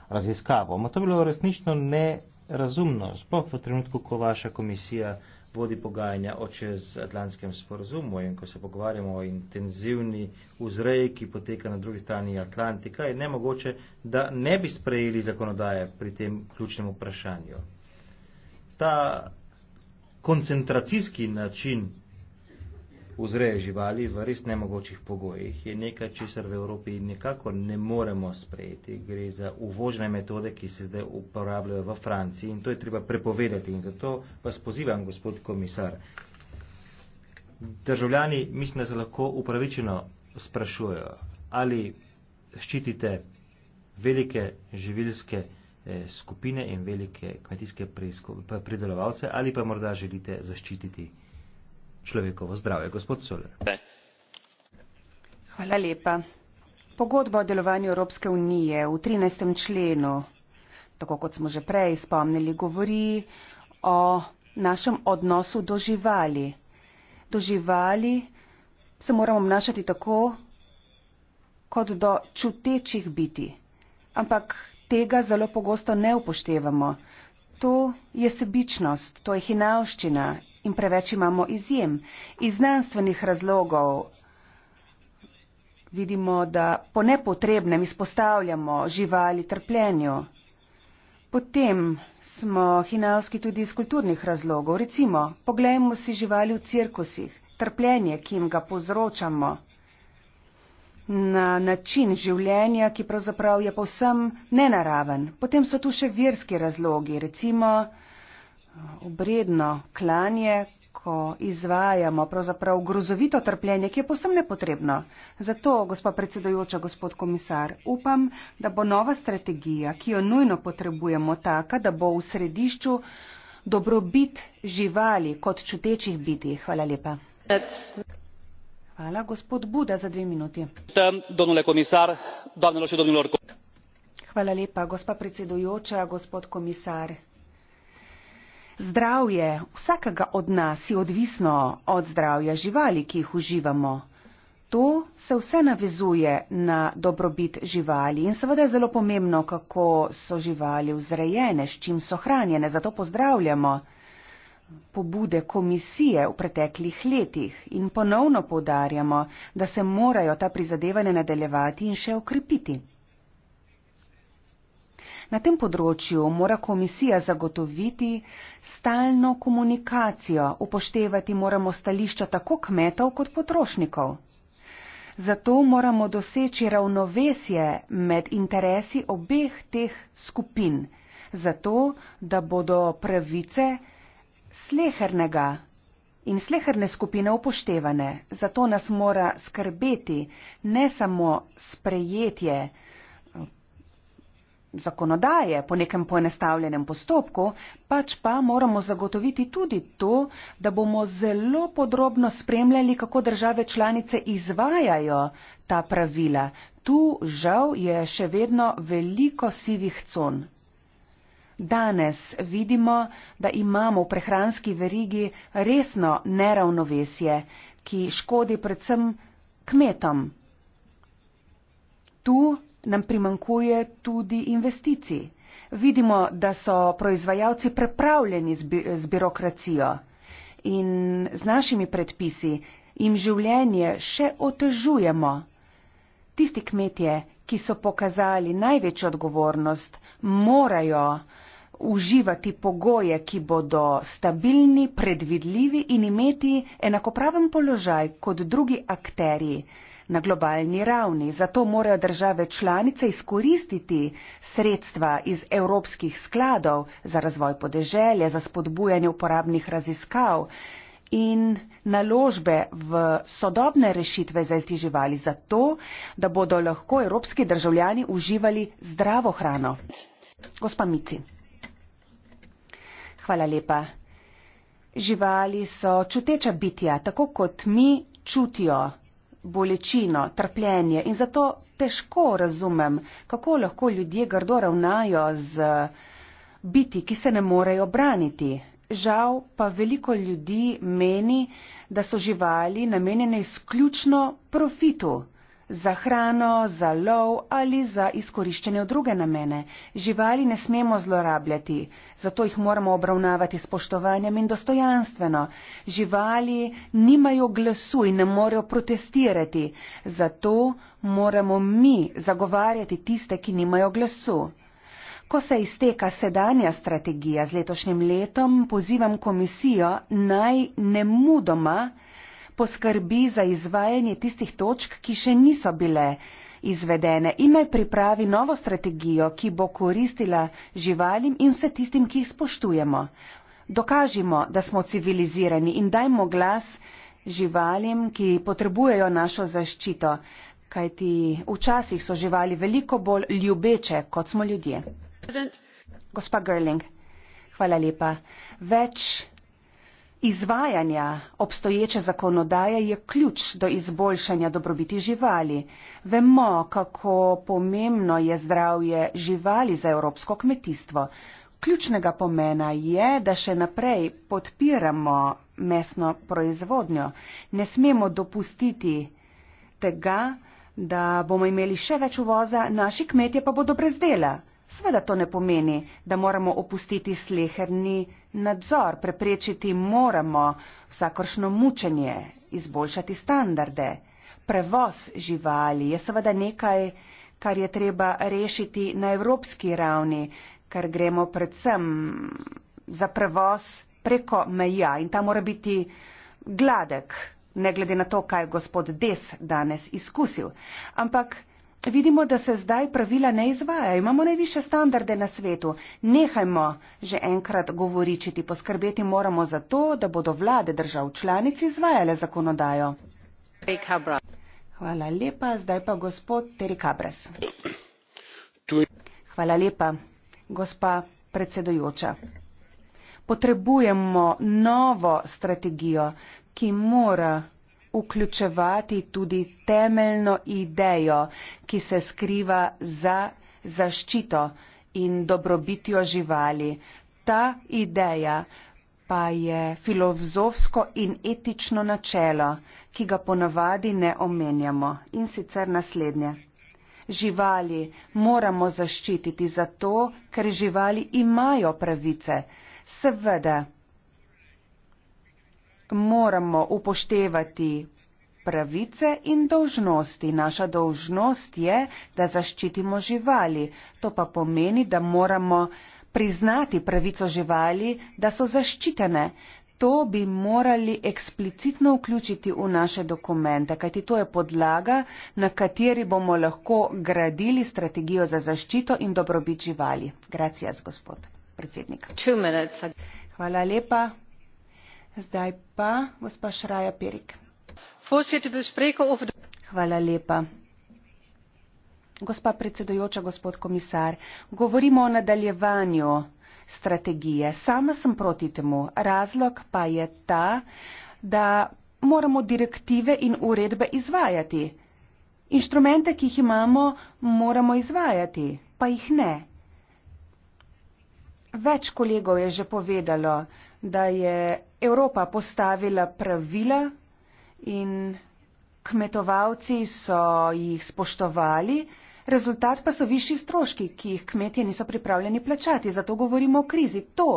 raziskavo. Ma to bilo resnično nerazumno, sploh v trenutku, ko vaša komisija vodi pogajanja o čezatlantskem sporozumu in ko se pogovarjamo o intenzivni vzreji, ki poteka na drugi strani Atlantika, je nemogoče, da ne bi sprejeli zakonodaje pri tem ključnem vprašanju. Ta koncentracijski način vzreje živali v res nemogočih pogojih, je nekaj, česar v Evropi nekako ne moremo sprejeti. Gre za uvožne metode, ki se zdaj uporabljajo v Franciji in to je treba prepovedati. In zato vas pozivam, gospod komisar. Državljani, mislim, da se lahko upravičeno sprašujejo, ali ščitite velike živilske eh, skupine in velike kmetijske pridelovalce ali pa morda želite zaščititi človekovo zdravje. Gospod Soler. Hvala lepa. Pogodba o delovanju Evropske unije v 13. členu, tako kot smo že prej spomnili, govori o našem odnosu do živali. Do živali se moramo obnašati tako, kot do čutečih biti. Ampak tega zelo pogosto ne upoštevamo. To je sebičnost, to je hinavščina in preveč imamo izjem. Iz znanstvenih razlogov vidimo, da po nepotrebnem izpostavljamo živali trpljenju. Potem smo hinavski tudi iz kulturnih razlogov. Recimo, poglejmo si živali v cirkusih, trpljenje, ki jim ga povzročamo na način življenja, ki pravzaprav je povsem nenaraven. Potem so tu še verski razlogi, recimo Eh, obredno klanje, ko izvajamo pravzaprav grozovito trpljenje, ki je posem nepotrebno. Zato, gospod predsedojoča, gospod komisar, upam, da bo nova strategija, ki jo nujno potrebujemo, taka, da bo v središču dobrobit živali kot čutečih biti. Hvala lepa. Hvala, gospod Buda, za dve minuti. Hvala lepa, gospa predsedujoča, gospod komisar. Zdravje vsakega od nas je odvisno od zdravja živali, ki jih uživamo. To se vse navezuje na dobrobit živali in seveda je zelo pomembno, kako so živali vzrejene, s čim so hranjene. Zato pozdravljamo pobude komisije v preteklih letih in ponovno povdarjamo, da se morajo ta prizadevanja nadaljevati in še okrepiti. Na tem področju mora komisija zagotoviti stalno komunikacijo, upoštevati moramo stališča tako kmetov kot potrošnikov. Zato moramo doseči ravnovesje med interesi obeh teh skupin, zato da bodo pravice slehernega in sleherne skupine upoštevane. Zato nas mora skrbeti ne samo sprejetje, zakonodaje po nekem poenostavljenem postopku, pač pa moramo zagotoviti tudi to, da bomo zelo podrobno spremljali, kako države članice izvajajo ta pravila. Tu žal je še vedno veliko sivih con. Danes vidimo, da imamo v prehranski verigi resno neravnovesje, ki škodi predvsem kmetom. Tu nam primankuje tudi investicij. Vidimo, da so proizvajalci prepravljeni z birokracijo in z našimi predpisi jim življenje še otežujemo. Tisti kmetje, ki so pokazali največjo odgovornost, morajo uživati pogoje, ki bodo stabilni, predvidljivi in imeti enakopraven položaj kot drugi akteri na globalni ravni. Zato morajo države članice izkoristiti sredstva iz evropskih skladov za razvoj podeželja, za spodbujanje uporabnih raziskav in naložbe v sodobne rešitve za izdiževali za to, da bodo lahko evropski državljani uživali zdravo hrano. Gospa Mici. Hvala lepa. Živali so čuteča bitja, tako kot mi čutijo bolečino, trpljenje in zato težko razumem, kako lahko ljudje grdo ravnajo z biti, ki se ne morejo braniti. Žal pa veliko ljudi meni, da so živali namenjene izključno profitu za hrano, za lov ali za izkoriščene v druge namene. Živali ne smemo zlorabljati, zato jih moramo obravnavati s poštovanjem in dostojanstveno. Živali nimajo glasu in ne morejo protestirati, zato moramo mi zagovarjati tiste, ki nimajo glasu. Ko se izteka sedanja strategija z letošnjim letom, pozivam komisijo naj ne mudoma poskrbi za izvajanje tistih točk, ki še niso bile izvedene in naj pripravi novo strategijo, ki bo koristila živalim in vse tistim, ki jih spoštujemo. Dokažimo, da smo civilizirani in dajmo glas živalim, ki potrebujejo našo zaščito, kajti včasih so živali veliko bolj ljubeče, kot smo ljudje. Gospa Gerling, hvala lepa. Več izvajanja obstoječe zakonodaje je ključ do izboljšanja dobrobiti živali. Vemo, kako pomembno je zdravje živali za evropsko kmetijstvo. Ključnega pomena je, da še naprej podpiramo mesno proizvodnjo. Ne smemo dopustiti tega, da bomo imeli še več uvoza, naši kmetje pa bodo brez dela. Sveda to ne pomeni, da moramo opustiti sleherni nadzor preprečiti moramo vsakršno mučenje, izboljšati standarde. Prevoz živali je seveda nekaj, kar je treba rešiti na evropski ravni, ker gremo predvsem za prevoz preko meja in ta mora biti gladek, ne glede na to, kaj je gospod Des danes izkusil. Ampak Vidimo, da se zdaj pravila ne izvajajo. Imamo najviše standarde na svetu. Nehajmo že enkrat govoričiti. Poskrbeti moramo za to, da bodo vlade držav članic izvajale zakonodajo. Hvala lepa. Zdaj pa gospod Terry Cabres. Hvala lepa, gospa predsedujoča. Potrebujemo novo strategijo, ki mora vključevati tudi temeljno idejo, ki se skriva za zaščito in dobrobitjo živali. Ta ideja pa je filozofsko in etično načelo, ki ga ponavadi ne omenjamo in sicer naslednje. Živali moramo zaščititi zato, ker živali imajo pravice. Seveda, moramo upoštevati pravice in dolžnosti. Naša dolžnost je, da zaščitimo živali. To pa pomeni, da moramo priznati pravico živali, da so zaščitene. To bi morali eksplicitno vključiti v naše dokumente, kajti to je podlaga, na kateri bomo lahko gradili strategijo za zaščito in dobrobit živali. Gracias, gospod predsednik. Hvala lepa. Zdaj pa gospa Šraja Perik. Hvala lepa. Gospa predsedujoča, gospod komisar, govorimo o nadaljevanju strategije. Sama sem proti temu. Razlog pa je ta, da moramo direktive in uredbe izvajati. Inštrumente, ki jih imamo, moramo izvajati, pa jih ne. Več kolegov je že povedalo, da je Evropa postavila pravila in kmetovalci so jih spoštovali, rezultat pa so višji stroški, ki jih kmetje niso pripravljeni plačati. Zato govorimo o krizi. To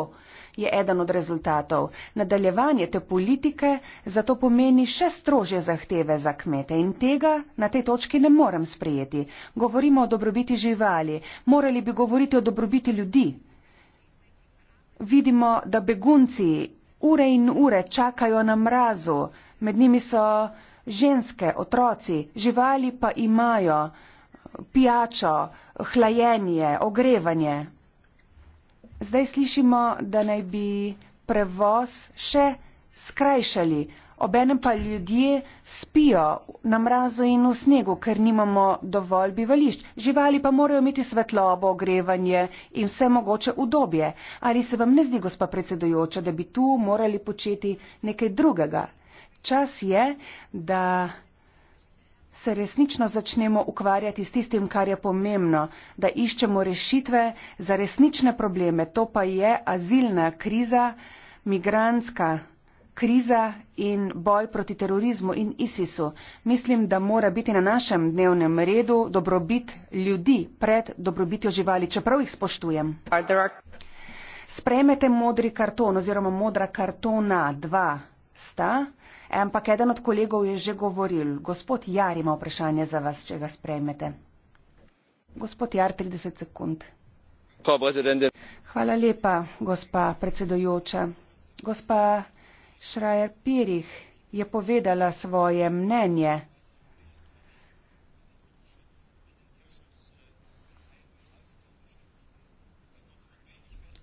je eden od rezultatov. Nadaljevanje te politike zato pomeni še strožje zahteve za kmete in tega na tej točki ne morem sprejeti. Govorimo o dobrobiti živali, morali bi govoriti o dobrobiti ljudi. Vidimo, da begunci ure in ure čakajo na mrazu, med njimi so ženske, otroci, živali pa imajo pijačo, hlajenje, ogrevanje. Zdaj slišimo, da naj bi prevoz še skrajšali, obenem pa ljudje spijo na mrazu in v snegu, ker nimamo dovolj bivališč. Živali pa morajo imeti svetlobo, ogrevanje in vse mogoče udobje. Ali se vam ne zdi, gospa predsedujoča, da bi tu morali početi nekaj drugega? Čas je, da se resnično začnemo ukvarjati s tistim, kar je pomembno, da iščemo rešitve za resnične probleme, to pa je azilna kriza, migranska kriza kriza in boj proti terorizmu in ISIS-u. Mislim, da mora biti na našem dnevnem redu dobrobit ljudi pred dobrobitjo živali, čeprav jih spoštujem. Spremete modri karton oziroma modra kartona dva sta, ampak eden od kolegov je že govoril. Gospod Jar ima vprašanje za vas, če ga spremete. Gospod Jar, 30 sekund. Hvala lepa, gospa predsedujoča. Gospa Šrajer Pirih je povedala svoje mnenje.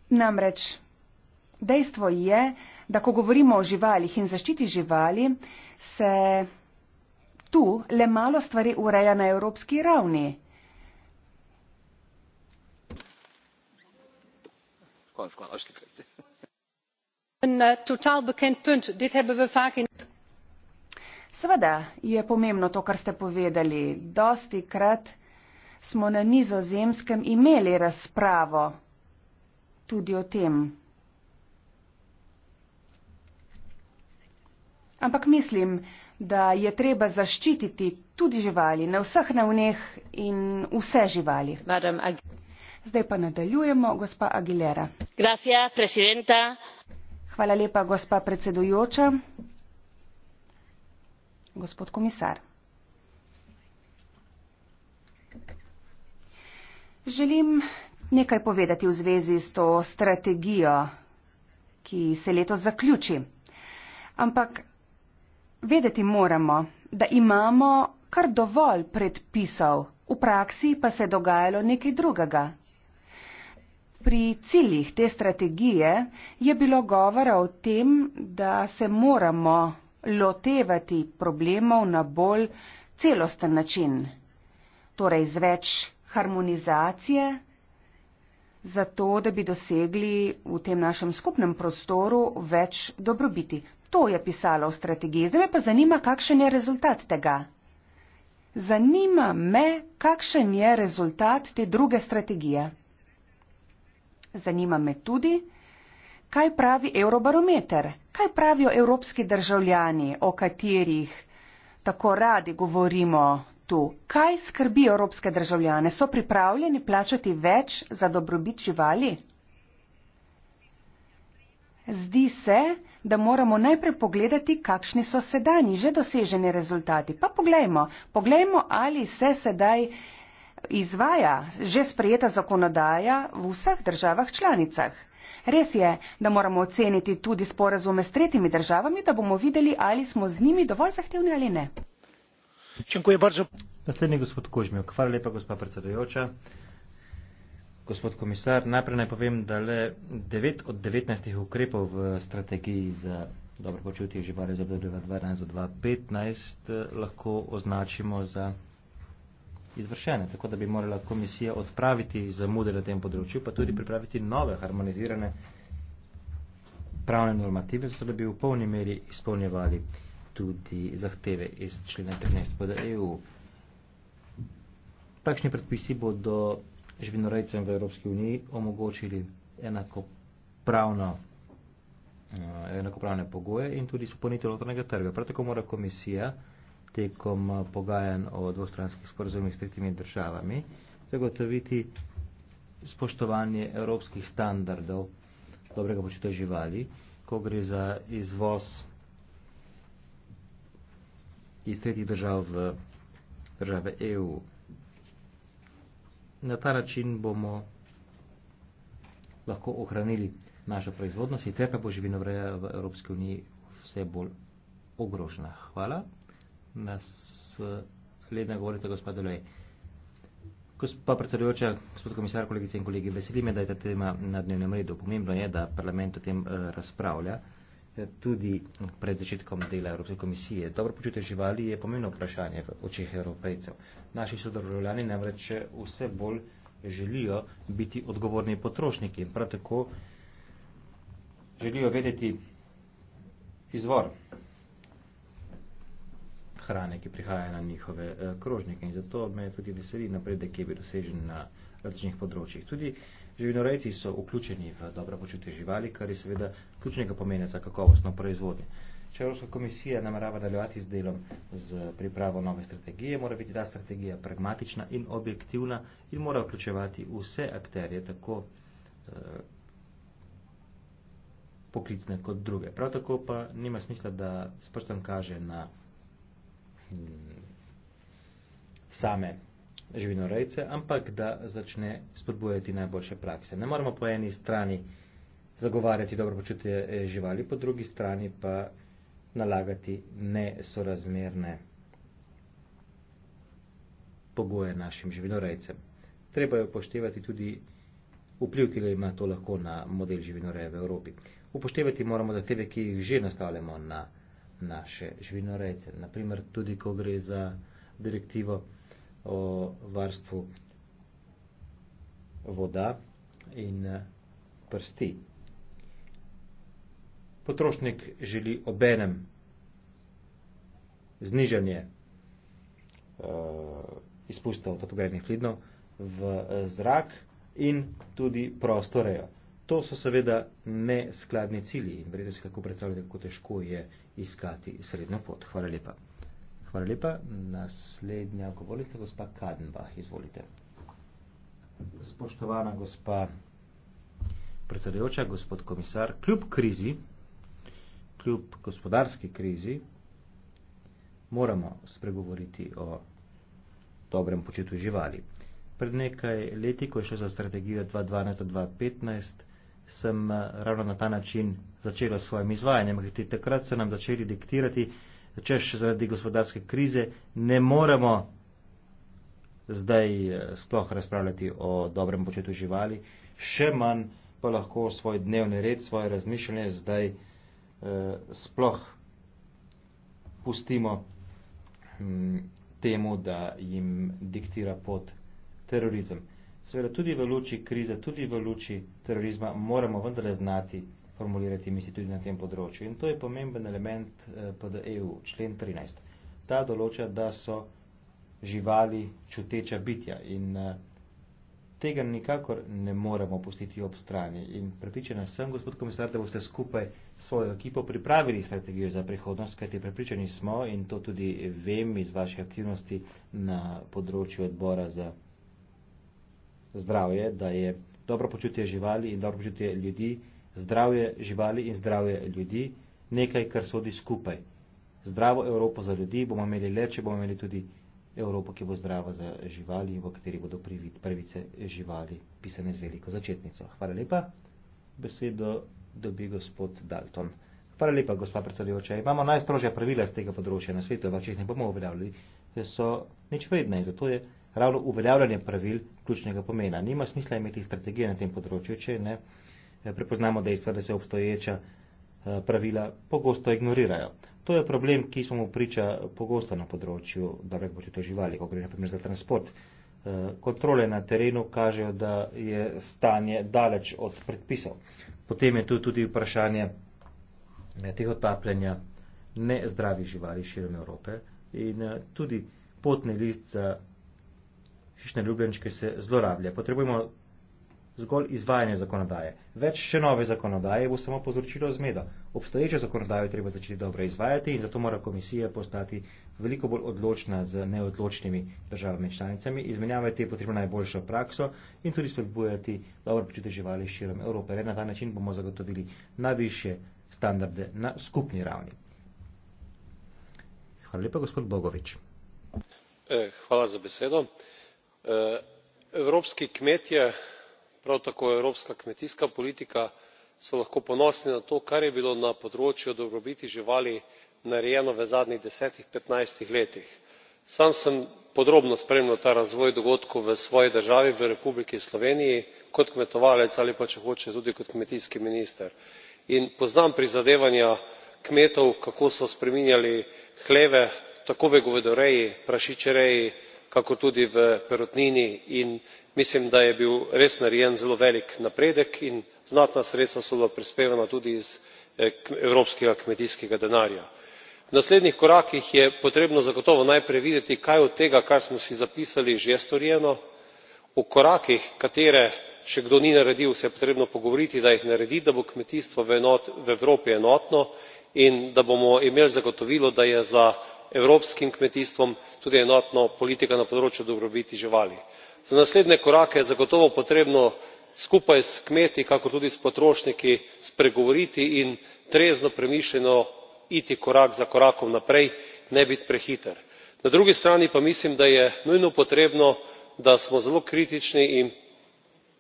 Namreč, dejstvo je, da ko govorimo o živalih in zaščiti živali, se tu le malo stvari ureja na evropski ravni. Konč, konč, Eh, seveda je pomembno to kar ste povedali dostikrat smo na nizozemskem imeli razpravo tudi o tem ampak mislim da je treba zaščititi tudi živali na vseh ravneh in vse živali zdaj pa nadaljujemo gospa aguilera Hvala lepa, gospa predsedujoča. Gospod komisar. Želim nekaj povedati v zvezi s to strategijo, ki se letos zaključi. Ampak vedeti moramo, da imamo kar dovolj predpisov, v praksi pa se je dogajalo nekaj drugega, pri ciljih te strategije je bilo govora o tem, da se moramo lotevati problemov na bolj celosten način, torej z več harmonizacije, zato da bi dosegli v tem našem skupnem prostoru več dobrobiti. To je pisalo v strategiji. Zdaj me pa zanima, kakšen je rezultat tega. Zanima me, kakšen je rezultat te druge strategije. Zanima me tudi, kaj pravi Eurobarometer, kaj pravijo evropski državljani, o katerih tako radi govorimo tu. Kaj skrbi evropske državljane? So pripravljeni plačati več za dobrobit živali? Zdi se, da moramo najprej pogledati, kakšni so sedajni že doseženi rezultati. Pa poglejmo, poglejmo ali se sedaj izvaja že sprejeta zakonodaja v vseh državah članicah. Res je, da moramo oceniti tudi sporazume s tretjimi državami, da bomo videli, ali smo z njimi dovolj zahtevni ali ne. Naslednji gospod Kožmjok. Hvala lepa, gospa predsedojoča. Gospod komisar, najprej naj povem, da le 9 od 19 ukrepov v strategiji za dobro počutje živali za obdobje 2012-2015 eh, lahko označimo za izvršene, tako da bi morala komisija odpraviti zamude na tem področju, pa tudi pripraviti nove harmonizirane pravne normative, zato da bi v polni meri izpolnjevali tudi zahteve iz člena 13 pod EU. Takšni predpisi bodo živinorejcem v Evropski uniji omogočili enakopravno eh, enakopravne pogoje in tudi izpolnitev notranjega trga. Prav tako mora komisija tekom eh, pogajanj o dvostranskih sporazumih s tretjimi državami zagotoviti spoštovanje evropskih standardov dobrega počita živali, ko gre za izvoz iz tretjih držav v države EU. Na ta način bomo lahko ohranili našo proizvodnost in pa bo živinovreja v Evropski uniji vse bolj ogrožena. Hvala nas eh, ledna govorica gospoda Loje. Gospa predsedujoča, gospod komisar, kolegice in kolegi, veseli me, da je ta tema na dnevnem redu. Pomembno je, da parlament o tem eh, razpravlja eh, tudi pred začetkom dela Evropske komisije. Dobro počutje živali je pomembno vprašanje v očeh evropejcev. Naši sodržavljani namreč eh, vse bolj želijo biti odgovorni potrošniki in prav tako želijo vedeti izvor hrane, ki prihaja na njihove eh, krožnike. In zato me tudi veseli napredek, ki je bil dosežen na različnih področjih. Tudi živinorejci so vključeni v dobro počutje živali, kar je seveda ključnega pomena za kakovostno proizvodnje. Če Evropska komisija namerava nadaljevati z delom z pripravo nove strategije, mora biti ta strategija pragmatična in objektivna in mora vključevati vse akterje, tako eh, poklicne kot druge. Prav tako pa nima smisla, da s prstom kaže na same živinorejce, ampak da začne spodbujati najboljše prakse. Ne moramo po eni strani zagovarjati dobro počutje eh, živali, po drugi strani pa nalagati nesorazmerne pogoje našim živinorejcem. Treba je upoštevati tudi vpliv, ki ga ima to lahko na model živinoreje v Evropi. Upoštevati moramo, da teve, ki jih že nastavljamo na naše živinorejce. Naprimer, tudi ko gre za direktivo o varstvu voda in eh, prsti. Potrošnik želi obenem znižanje eh, izpustov toplogrednih plinov v eh, zrak in tudi prostorejo. To so seveda neskladni cilji in verjete si, kako predstavljate, kako težko je iskati srednjo pot. Hvala lepa. Hvala lepa. Naslednja govorica, gospa Kadenbach, izvolite. Spoštovana gospa predsedujoča, gospod komisar, kljub krizi, kljub gospodarski krizi, moramo spregovoriti o dobrem početu živali. Pred nekaj leti, ko je šlo za strategijo 2012-2015, sem eh, ravno na ta način začela s svojim izvajanjem. Kajti takrat so nam začeli diktirati, če še zaradi gospodarske krize ne moremo zdaj eh, sploh razpravljati o dobrem početu živali, še manj pa lahko svoj dnevni red, svoje razmišljanje zdaj eh, sploh pustimo hm, temu, da jim diktira pot terorizem seveda tudi v luči krize, tudi v luči terorizma, moramo vendarle znati formulirati misli tudi na tem področju. In to je pomemben element eh, PDEU, člen 13. Ta določa, da so živali čuteča bitja in eh, tega nikakor ne moremo pustiti ob strani. In prepričana sem, gospod komisar, da boste skupaj svojo ekipo pripravili strategijo za prihodnost, kajti pripričani smo in to tudi vem iz vaše aktivnosti na področju odbora za zdravje, da je dobro počutje živali in dobro počutje ljudi, zdravje živali in zdravje ljudi nekaj, kar sodi skupaj. Zdravo Evropo za ljudi bomo imeli le, če bomo imeli tudi Evropo, ki bo zdrava za živali in v kateri bodo prvice živali pisane z veliko začetnico. Hvala lepa. Besedo dobi gospod Dalton. Hvala lepa, gospod predsedujoča. Imamo najstrožja pravila z tega področja na svetu, pa če jih ne bomo uveljavljali, so nič vredne in zato je ravno uveljavljanje pravil ključnega pomena. Nima smisla imeti strategije na tem področju, če ne eh, prepoznamo dejstva, da se obstoječa eh, pravila pogosto ignorirajo. To je problem, ki smo mu priča pogosto na področju dobrega počutja živali, ko gre na primer za transport. Eh, kontrole na terenu kažejo, da je stanje daleč od predpisov. Potem je tu tudi vprašanje teh otapljanja nezdravih živali širom Evrope in tudi potni list za hišne ljubljenčke se zlorablja. Potrebujemo zgolj izvajanje zakonodaje. Več še nove zakonodaje bo samo povzročilo zmedo. Obstoječo zakonodajo treba začeti dobro izvajati in zato mora komisija postati veliko bolj odločna z neodločnimi državami članicami, izmenjavati je potrebno najboljšo prakso in tudi spodbujati dobro počutje živali širom Evrope. Na ta način bomo zagotovili najviše standarde na skupni ravni. Hvala lepa, gospod Bogovič. Eh, hvala za besedo evropski kmetje prav tako evropska kmetijska politika so lahko ponosni na to kar je bilo na področju dobrobiti živali narejeno v zadnjih desetih petnajstih letih. sam sem podrobno spremljal ta razvoj dogodkov v svoji državi v republiki sloveniji kot kmetovalec ali pa če hočete tudi kot kmetijski minister in poznam prizadevanja kmetov kako so spreminjali hleve tako v govedoreji prašičereji kakor tudi v perutnini in mislim da je bil res narejen zelo velik napredek in znatna sredstva so bila prispevana tudi iz eh, evropskega kmetijskega denarja. v naslednjih korakih je potrebno zagotovo najprej videti kaj od tega kar smo si zapisali že storjeno o korakih katere še kdo ni naredil se je potrebno pogovoriti da jih naredi da bo kmetijstvo v evropi enotno in da bomo imeli zagotovilo da je za evropskim kmetijstvom tudi enotno politiko na področju dobrobiti živali. za naslednje korake je zagotovo potrebno skupaj s kmeti kakor tudi s potrošniki spregovoriti in trezno premišljeno iti korak za korakom naprej ne biti prehiter. na drugi strani pa mislim da je nujno potrebno da smo zelo kritični in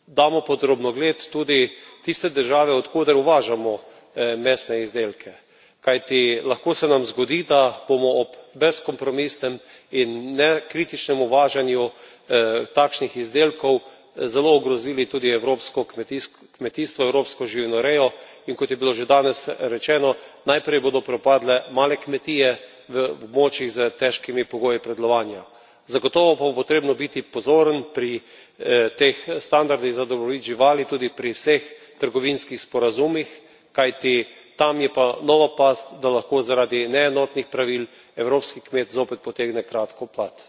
damo pod drobnogled tudi tiste države od koder uvažamo eh, mesne izdelke kajti lahko se nam zgodi da bomo ob brezkompromisnem in nekritičnem uvažanju eh, takšnih izdelkov eh, zelo ogrozili tudi evropsko kmetijstvo evropsko živinorejo in kot je bilo že danes eh, rečeno najprej bodo propadle male kmetije v območjih s težkimi pogoji predelovanja. zagotovo pa bo potrebno biti pozoren pri teh standardih za dobrobit živali tudi pri vseh trgovinskih sporazumih kajti tam je pa nova past da lahko zaradi neenotnih pravil evropski kmet zopet potegne kratko plat.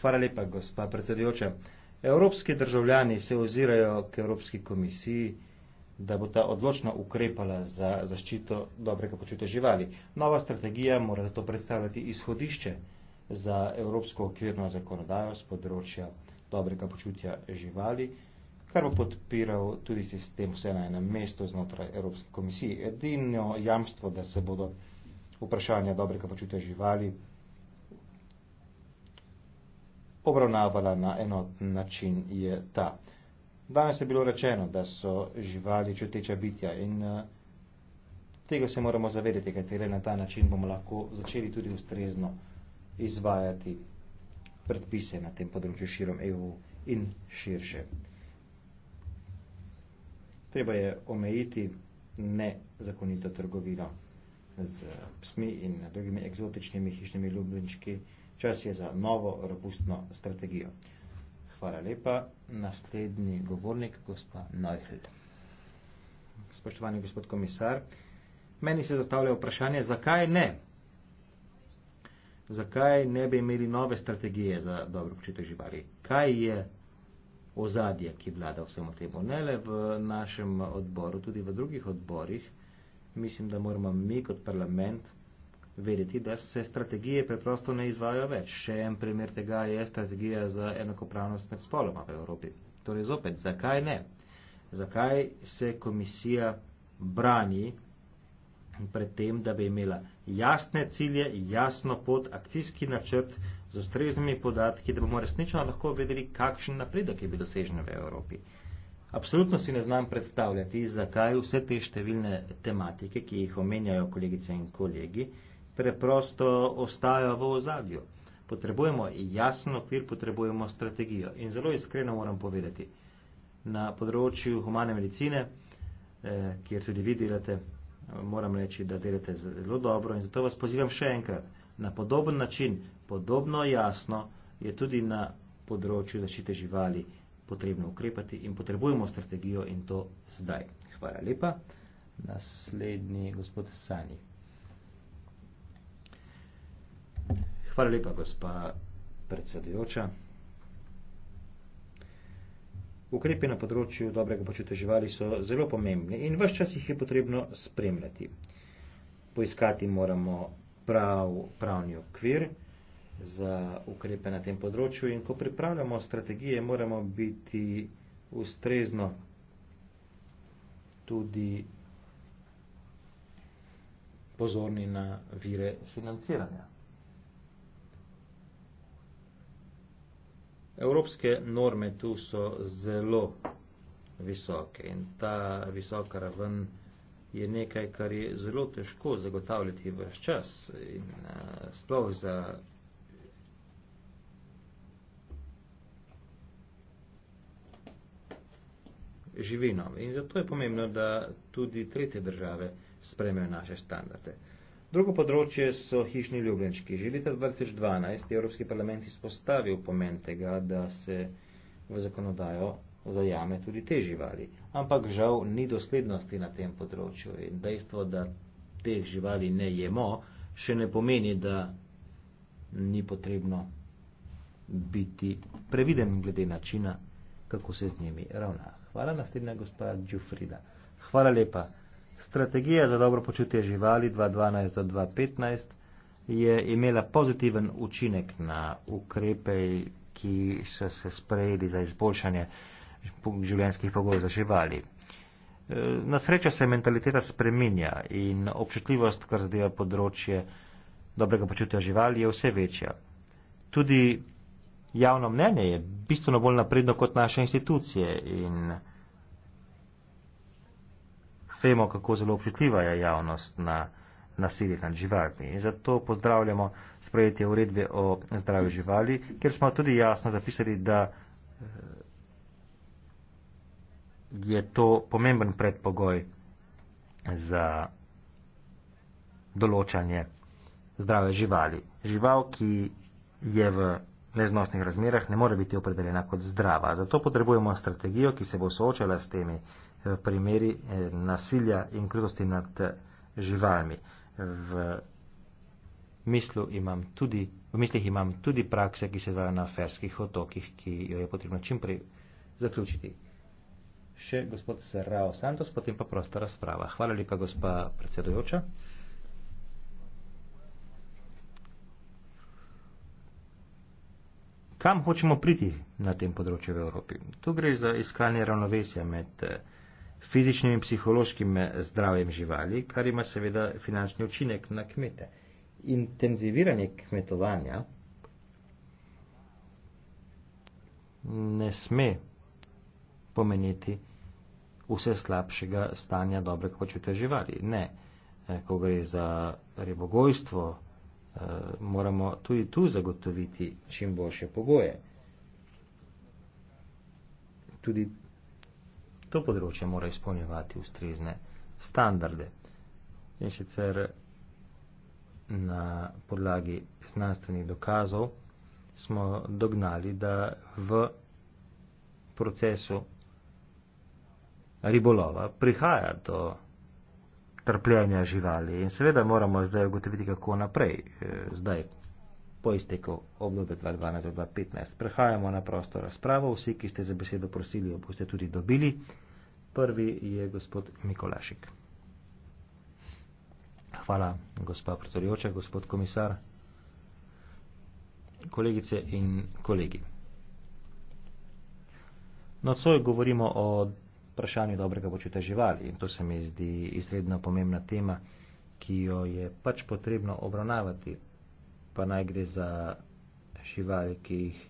hvala lepa gospa predsedujoča evropski državljani se ozirajo k evropski komisiji da bo ta odločno ukrepala za zaščito dobrega počutja živali nova strategija mora zato predstavljati izhodišče za evropsko okvirno zakonodajo z področja dobrega počutja živali, kar bo podpiral tudi sistem vse na enem mestu znotraj Evropske komisije. Edino jamstvo, da se bodo vprašanja dobrega počutja živali obravnavala na enoten način je ta. Danes je bilo rečeno, da so živali čuteča bitja in uh, tega se moramo zavedeti, ker na ta način bomo lahko začeli tudi ustrezno izvajati predpise na tem področju širom EU in širše. Treba je omejiti nezakonito trgovino z psmi in drugimi eksotičnimi hišnimi ljubljenčki. Čas je za novo robustno strategijo. Hvala lepa. Naslednji govornik, gospa Neuhl. Spoštovani gospod komisar, meni se zastavlja vprašanje, zakaj ne? zakaj ne bi imeli nove strategije za dobro počitek živali? Kaj je ozadje, ki vlada vsemu temu? Ne le v našem odboru, tudi v drugih odborih. Mislim, da moramo mi kot parlament vedeti, da se strategije preprosto ne izvajo več. Še en primer tega je strategija za enakopravnost med spoloma v Evropi. Torej, zopet, zakaj ne? Zakaj se komisija brani pred tem, da bi imela jasne cilje, jasno pot, akcijski načrt z ustreznimi podatki, da bomo resnično lahko vedeli, kakšen napredek je bil dosežen v Evropi. Absolutno si ne znam predstavljati, zakaj vse te številne tematike, ki jih omenjajo kolegice in kolegi, preprosto ostajajo v ozadju. Potrebujemo jasen okvir, potrebujemo strategijo. In zelo iskreno moram povedati, na področju humane medicine, eh, kjer tudi vi delate, moram reči, da delate zelo dobro in zato vas pozivam še enkrat. Na podoben način, podobno jasno je tudi na področju zaščite živali potrebno ukrepati in potrebujemo strategijo in to zdaj. Hvala lepa. Naslednji gospod Sani. Hvala lepa, gospa predsedujoča. Ukrepi na področju dobrega počutja živali so zelo pomembni in vse čas jih je potrebno spremljati. Poiskati moramo prav, pravni okvir za ukrepe na tem področju in ko pripravljamo strategije, moramo biti ustrezno tudi pozorni na vire financiranja. Evropske norme tu so zelo visoke in ta visoka raven je nekaj, kar je zelo težko zagotavljati v čas in uh, sploh za živino. In zato je pomembno, da tudi tretje države spremejo naše standarde. Uh, Drugo področje so hišni ljubljenčki. Že leta 2012 je Evropski parlament izpostavil pomen tega, da se v zakonodajo zajame tudi te živali. Ampak žal ni doslednosti na tem področju in dejstvo, da teh živali ne jemo, še ne pomeni, da ni potrebno biti previden glede načina, kako se z njimi ravna. Hvala naslednja gospa Džufrida. Hvala lepa. Strategija za dobro počutje živali 2012-2015 je imela pozitiven učinek na ukrepe, ki so se sprejeli za izboljšanje življenjskih pogojev za živali. Na srečo se mentaliteta spreminja in občutljivost, kar zadeva področje dobrega počutja živali, je vse večja. Tudi javno mnenje je bistveno bolj napredno kot naše institucije in vemo, kako zelo občutljiva je javnost na nasilje nad živalmi. In zato pozdravljamo sprejetje uredbe o zdravju živali, ker smo tudi jasno zapisali, da eh, je to pomemben predpogoj za določanje zdrave živali. Žival, ki je v neznosnih razmerah, ne more biti opredeljena kot zdrava. Zato potrebujemo strategijo, ki se bo soočala s temi Eh, primeri eh, nasilja in krutosti nad eh, živalmi. V, mislu imam tudi, v mislih imam tudi prakse, ki se dvajo na ferskih otokih, ki jo je potrebno čimprej zaključiti. Še gospod Serrao Santos, potem pa prosta razprava. Hvala lepa, gospa predsedujoča. Kam hočemo priti na tem področju v Evropi? Tu gre za iskanje ravnovesja med eh, fizičnim in psihološkim eh, zdravjem živali, kar ima seveda finančni učinek na kmete. Intenziviranje kmetovanja ne sme pomeniti vse slabšega stanja dobre kvačute živali. Ne, eh, ko gre za ribogojstvo, eh, moramo tudi tu zagotoviti čim boljše pogoje. Tudi to področje mora izpolnjevati ustrezne standarde. In sicer na podlagi znanstvenih dokazov smo dognali, da v procesu ribolova prihaja do trpljenja živali in seveda moramo zdaj ugotoviti, kako naprej, eh, zdaj po izteku obdobja 2012-2015. Prehajamo na prosto razpravo, vsi, ki ste za besedo prosili, jo boste tudi dobili. Prvi je gospod Mikolašik. Hvala, gospa predsedujoča, gospod komisar, kolegice in kolegi. Nocoj govorimo o vprašanju dobrega počutja živali in to se mi zdi izredno pomembna tema, ki jo je pač potrebno obravnavati, pa naj gre za živali, ki jih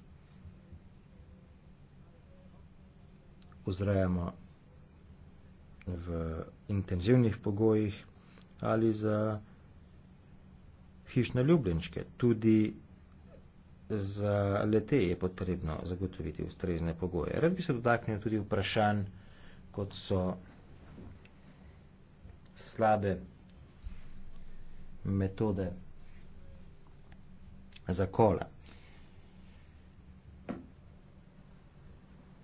vzrajamo v intenzivnih pogojih ali za hišne ljubljenčke. Tudi za lete je potrebno zagotoviti ustrezne pogoje. Rad bi se dotaknil tudi vprašanj, kot so slabe metode za kola.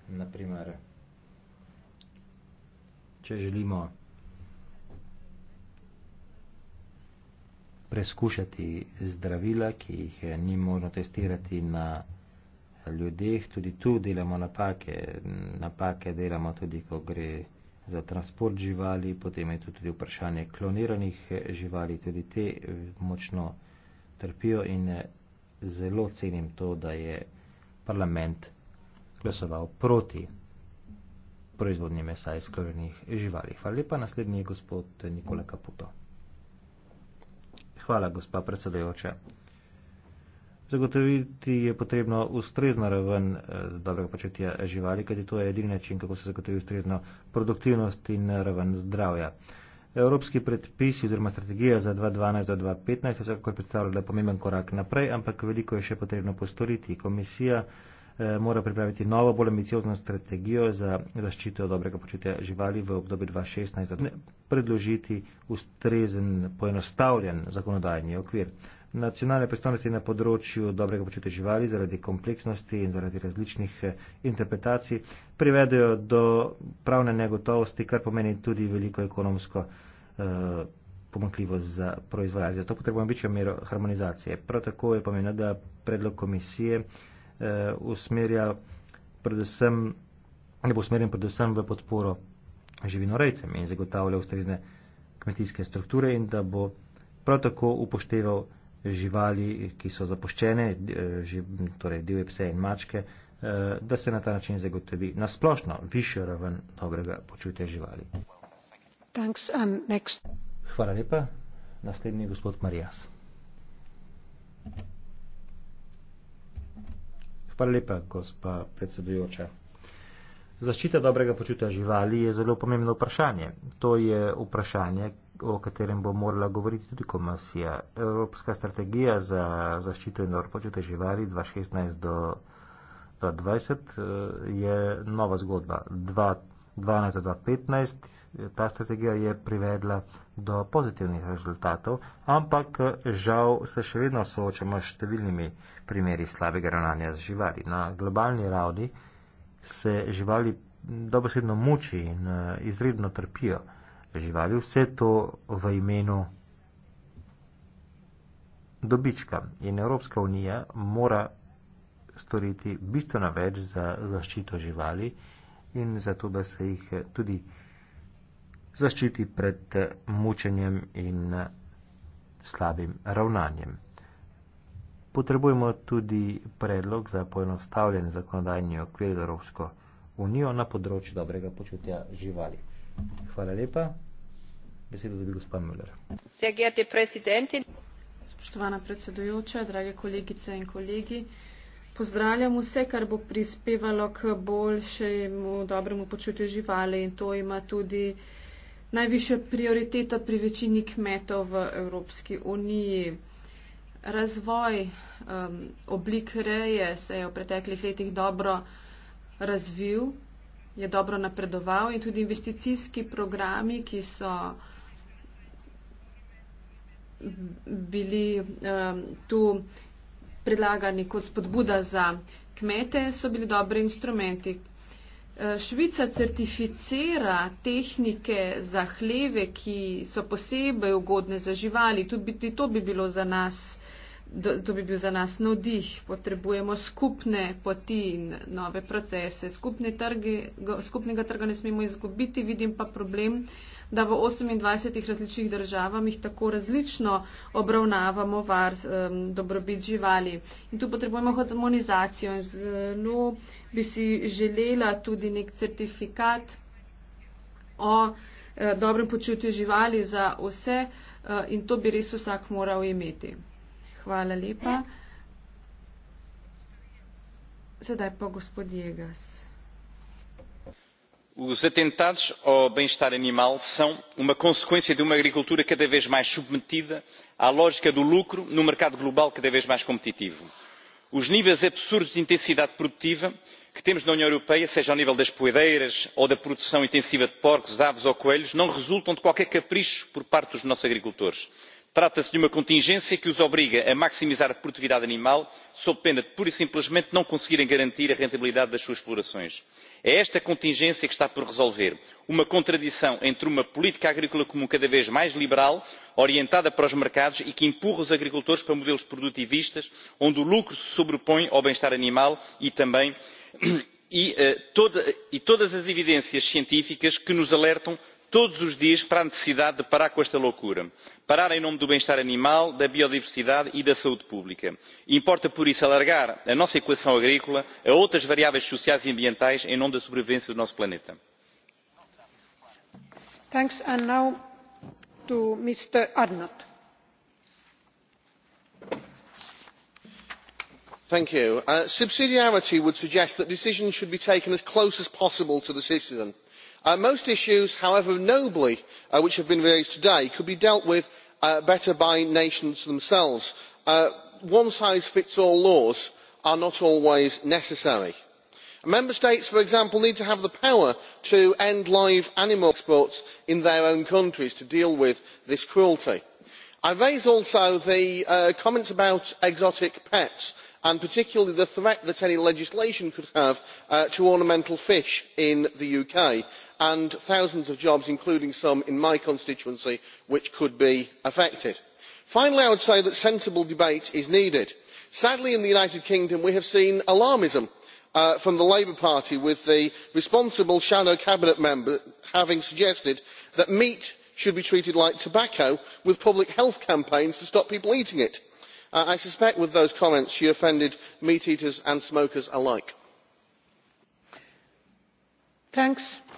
Naprimer, če želimo preskušati zdravila, ki jih ni možno testirati na ljudeh, tudi tu delamo napake. Napake delamo tudi, ko gre za transport živali, potem je tu tudi vprašanje kloniranih živali, tudi te močno trpijo in zelo cenim to, da je parlament glasoval proti proizvodnje mesa iz krvnih živali. Hvala lepa. Naslednji je gospod Nikola Kaputo. Hvala, gospa predsedajoča. Zagotoviti je potrebno ustrezno raven eh, dobrega početja živali, kajti to je edini način, kako se zagotovi ustrezno produktivnost in eh, raven zdravja. Evropski predpisi oziroma strategija za 2012 do 2015 je vsekakor predstavljala pomemben korak naprej, ampak veliko je še potrebno postoriti. Komisija Eh, mora pripraviti novo, bolj ambiciozno strategijo za zaščito dobrega počutja živali v obdobju 2016, predložiti ustrezen, poenostavljen zakonodajni okvir. Nacionalne pristojnosti na področju dobrega počutja živali zaradi kompleksnosti in zaradi različnih eh, interpretacij privedejo do pravne negotovosti, kar pomeni tudi veliko ekonomsko eh, pomakljivost za proizvajalce. Zato potrebujemo večjo mero harmonizacije. Prav tako je pomembno, da predlog komisije Eh, usmerja predvsem, ne bo usmerjen predvsem v podporo živinorejcem in zagotavlja ustrezne kmetijske strukture in da bo prav tako upošteval živali, ki so zapuščene, eh, torej divje pse in mačke, eh, da se na ta način zagotovi nasplošno višjo raven dobrega počutja živali. Thanks, next. Hvala lepa. Naslednji gospod Marijas. Thank you. Hvala lepa, gospa predsedujoča. Zaščita dobrega počutja živali je zelo pomembno vprašanje. To je vprašanje, o katerem bo morala govoriti tudi komisija. Evropska strategija za zaščito in dobro počutje živali 2016 do 2020 eh, je nova zgodba. 2012 do 2015 ta strategija je privedla do pozitivnih rezultatov, ampak žal se še vedno soočamo s številnimi primeri slabega ravnanja z živali. Na globalni ravni se živali dobesedno muči in izredno trpijo živali. Vse to v imenu dobička. In Evropska unija mora storiti bistveno več za zaščito živali in za to, da se jih tudi zaščiti pred eh, mučenjem in eh, slabim ravnanjem. Potrebujemo tudi predlog za poenostavljen zakonodajni okvir za Evropsko unijo na področju dobrega počutja živali. Hvala lepa. Besedo dobi gospod Müller. Spoštovana predsedujoča, drage kolegice in kolegi, pozdravljam vse, kar bo prispevalo k boljšemu dobremu počutju živali in to ima tudi uh, najvišja prioriteta pri večini kmetov v Evropski uniji. Razvoj um, oblik reje se je v preteklih letih dobro razvil, je dobro napredoval in tudi investicijski programi, ki so bili um, tu predlagani kot spodbuda za kmete, so bili dobri instrumenti, Eh, Švica certificira tehnike za hleve, ki so posebej ugodne za živali. Tudi to bi bilo za nas da, to bi bil za nas navdih. Potrebujemo skupne poti in nove procese. Trge, skupnega trga ne smemo izgubiti, vidim pa problem, da v 28 različnih državah tako različno obravnavamo var um, dobrobit živali. In tu potrebujemo harmonizacijo in zelo bi si želela tudi nek certifikat o eh, dobrem počutju živali za vse eh, in to bi res vsak moral imeti. Hvala lepa. Sedaj pa gospod Jegas. Os atentados ao bem-estar animal são uma consequência de uma agricultura cada vez mais submetida à lógica do lucro no mercado global cada vez mais competitivo. Os níveis absurdos de intensidade produtiva que temos na União Europeia, seja ao nível das poedeiras ou da produção intensiva de porcos, aves ou coelhos, não resultam de qualquer capricho por parte dos nossos agricultores trata se de uma contingência que os obriga a maximizar a produtividade animal sob pena de pura e simplesmente não conseguirem garantir a rentabilidade das suas explorações. é esta contingência que está por resolver uma contradição entre uma política agrícola comum cada vez mais liberal orientada para os mercados e que empurra os agricultores para modelos produtivistas onde o lucro se sobrepõe ao bem estar animal e também e, eh, e todas as evidências científicas que nos alertam todos os dias para a necessidade de parar com esta loucura parar em nome do bem estar animal da biodiversidade e da saúde pública. importa por isso alargar a nossa equação agrícola a outras variáveis sociais e ambientais em nome da sobrevivência do nosso planeta. Uh, subsidiarity would suggest that decisions should be taken as close as possible to the citizen. Uh, most issues however nobly uh, which have been raised today could be dealt with uh, better by nations themselves. one size fits all laws are not always necessary. member states for example need to have the power to end live animal exports in their own countries to deal with this cruelty. i raise also the comments about exotic pets and particularly the threat that any legislation could have to ornamental fish in the uk and thousands of jobs including some in my constituency which could be affected. finally i would say that sensible debate is needed. sadly in the united kingdom we have seen alarmism uh, from the labour party with the responsible shadow cabinet member having suggested that meat should be treated like tobacco with public health campaigns to stop people eating it. Uh, i suspect with those comments she offended meat eaters and smokers alike.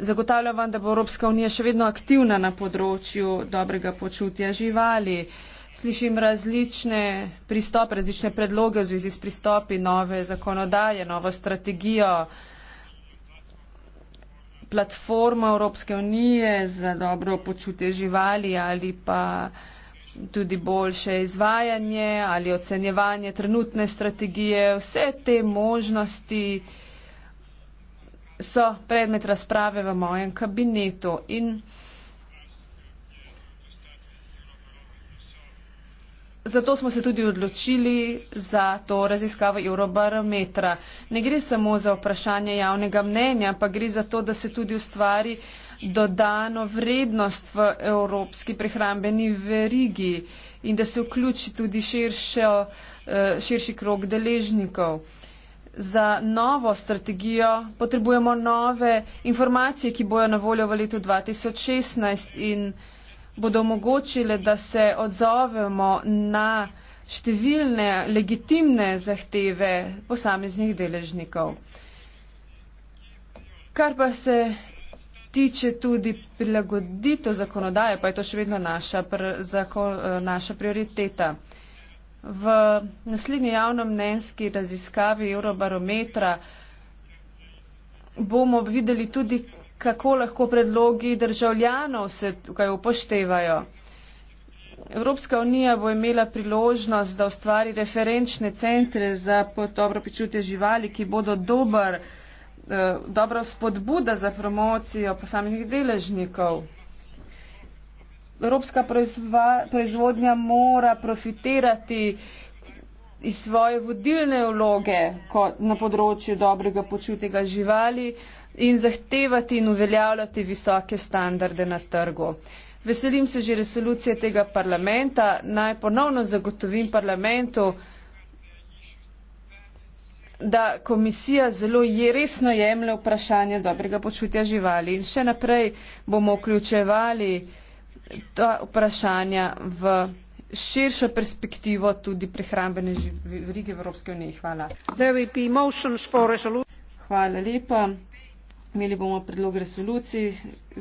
Zagotavljam vam, da bo Evropska unija še vedno aktivna na področju dobrega počutja živali. Slišim različne pristope, različne predloge v zvezi s pristopi, nove zakonodaje, novo strategijo, platformo Evropske unije za dobro počutje živali ali pa tudi boljše izvajanje ali ocenjevanje trenutne strategije. Vse te možnosti so predmet razprave v mojem kabinetu in zato smo se tudi odločili za to raziskavo Eurobarometra. Ne gre samo za vprašanje javnega mnenja, pa gre za to, da se tudi ustvari dodano vrednost v evropski prehrambeni verigi in da se vključi tudi širšo, eh, širši krok deležnikov za novo strategijo potrebujemo nove informacije, ki bojo na voljo v letu 2016 in bodo omogočile, da se odzovemo na številne legitimne zahteve posameznih deležnikov. Kar pa se tiče tudi prilagoditev zakonodaje, pa je to še vedno naša, pr, zako, eh, naša prioriteta. V naslednji javnomnenski raziskavi Eurobarometra bomo videli tudi, kako lahko predlogi državljanov se tukaj upoštevajo. Evropska unija bo imela priložnost, da ustvari referenčne centre za dobro počutje živali, ki bodo dober, eh, dobra spodbuda za promocijo posameznih deležnikov evropska proizva, proizvodnja mora profitirati iz svoje vodilne vloge na področju dobrega počutega živali in zahtevati in uveljavljati visoke standarde na trgu. Veselim se že resolucije tega parlamenta. Naj ponovno zagotovim parlamentu, da komisija zelo je resno jemlje vprašanje dobrega počutja živali in še naprej bomo vključevali ta vprašanja v širšo perspektivo tudi prehrambene verige Evropske unije. Hvala. Hvala lepa. Imeli bomo predlog resolucij.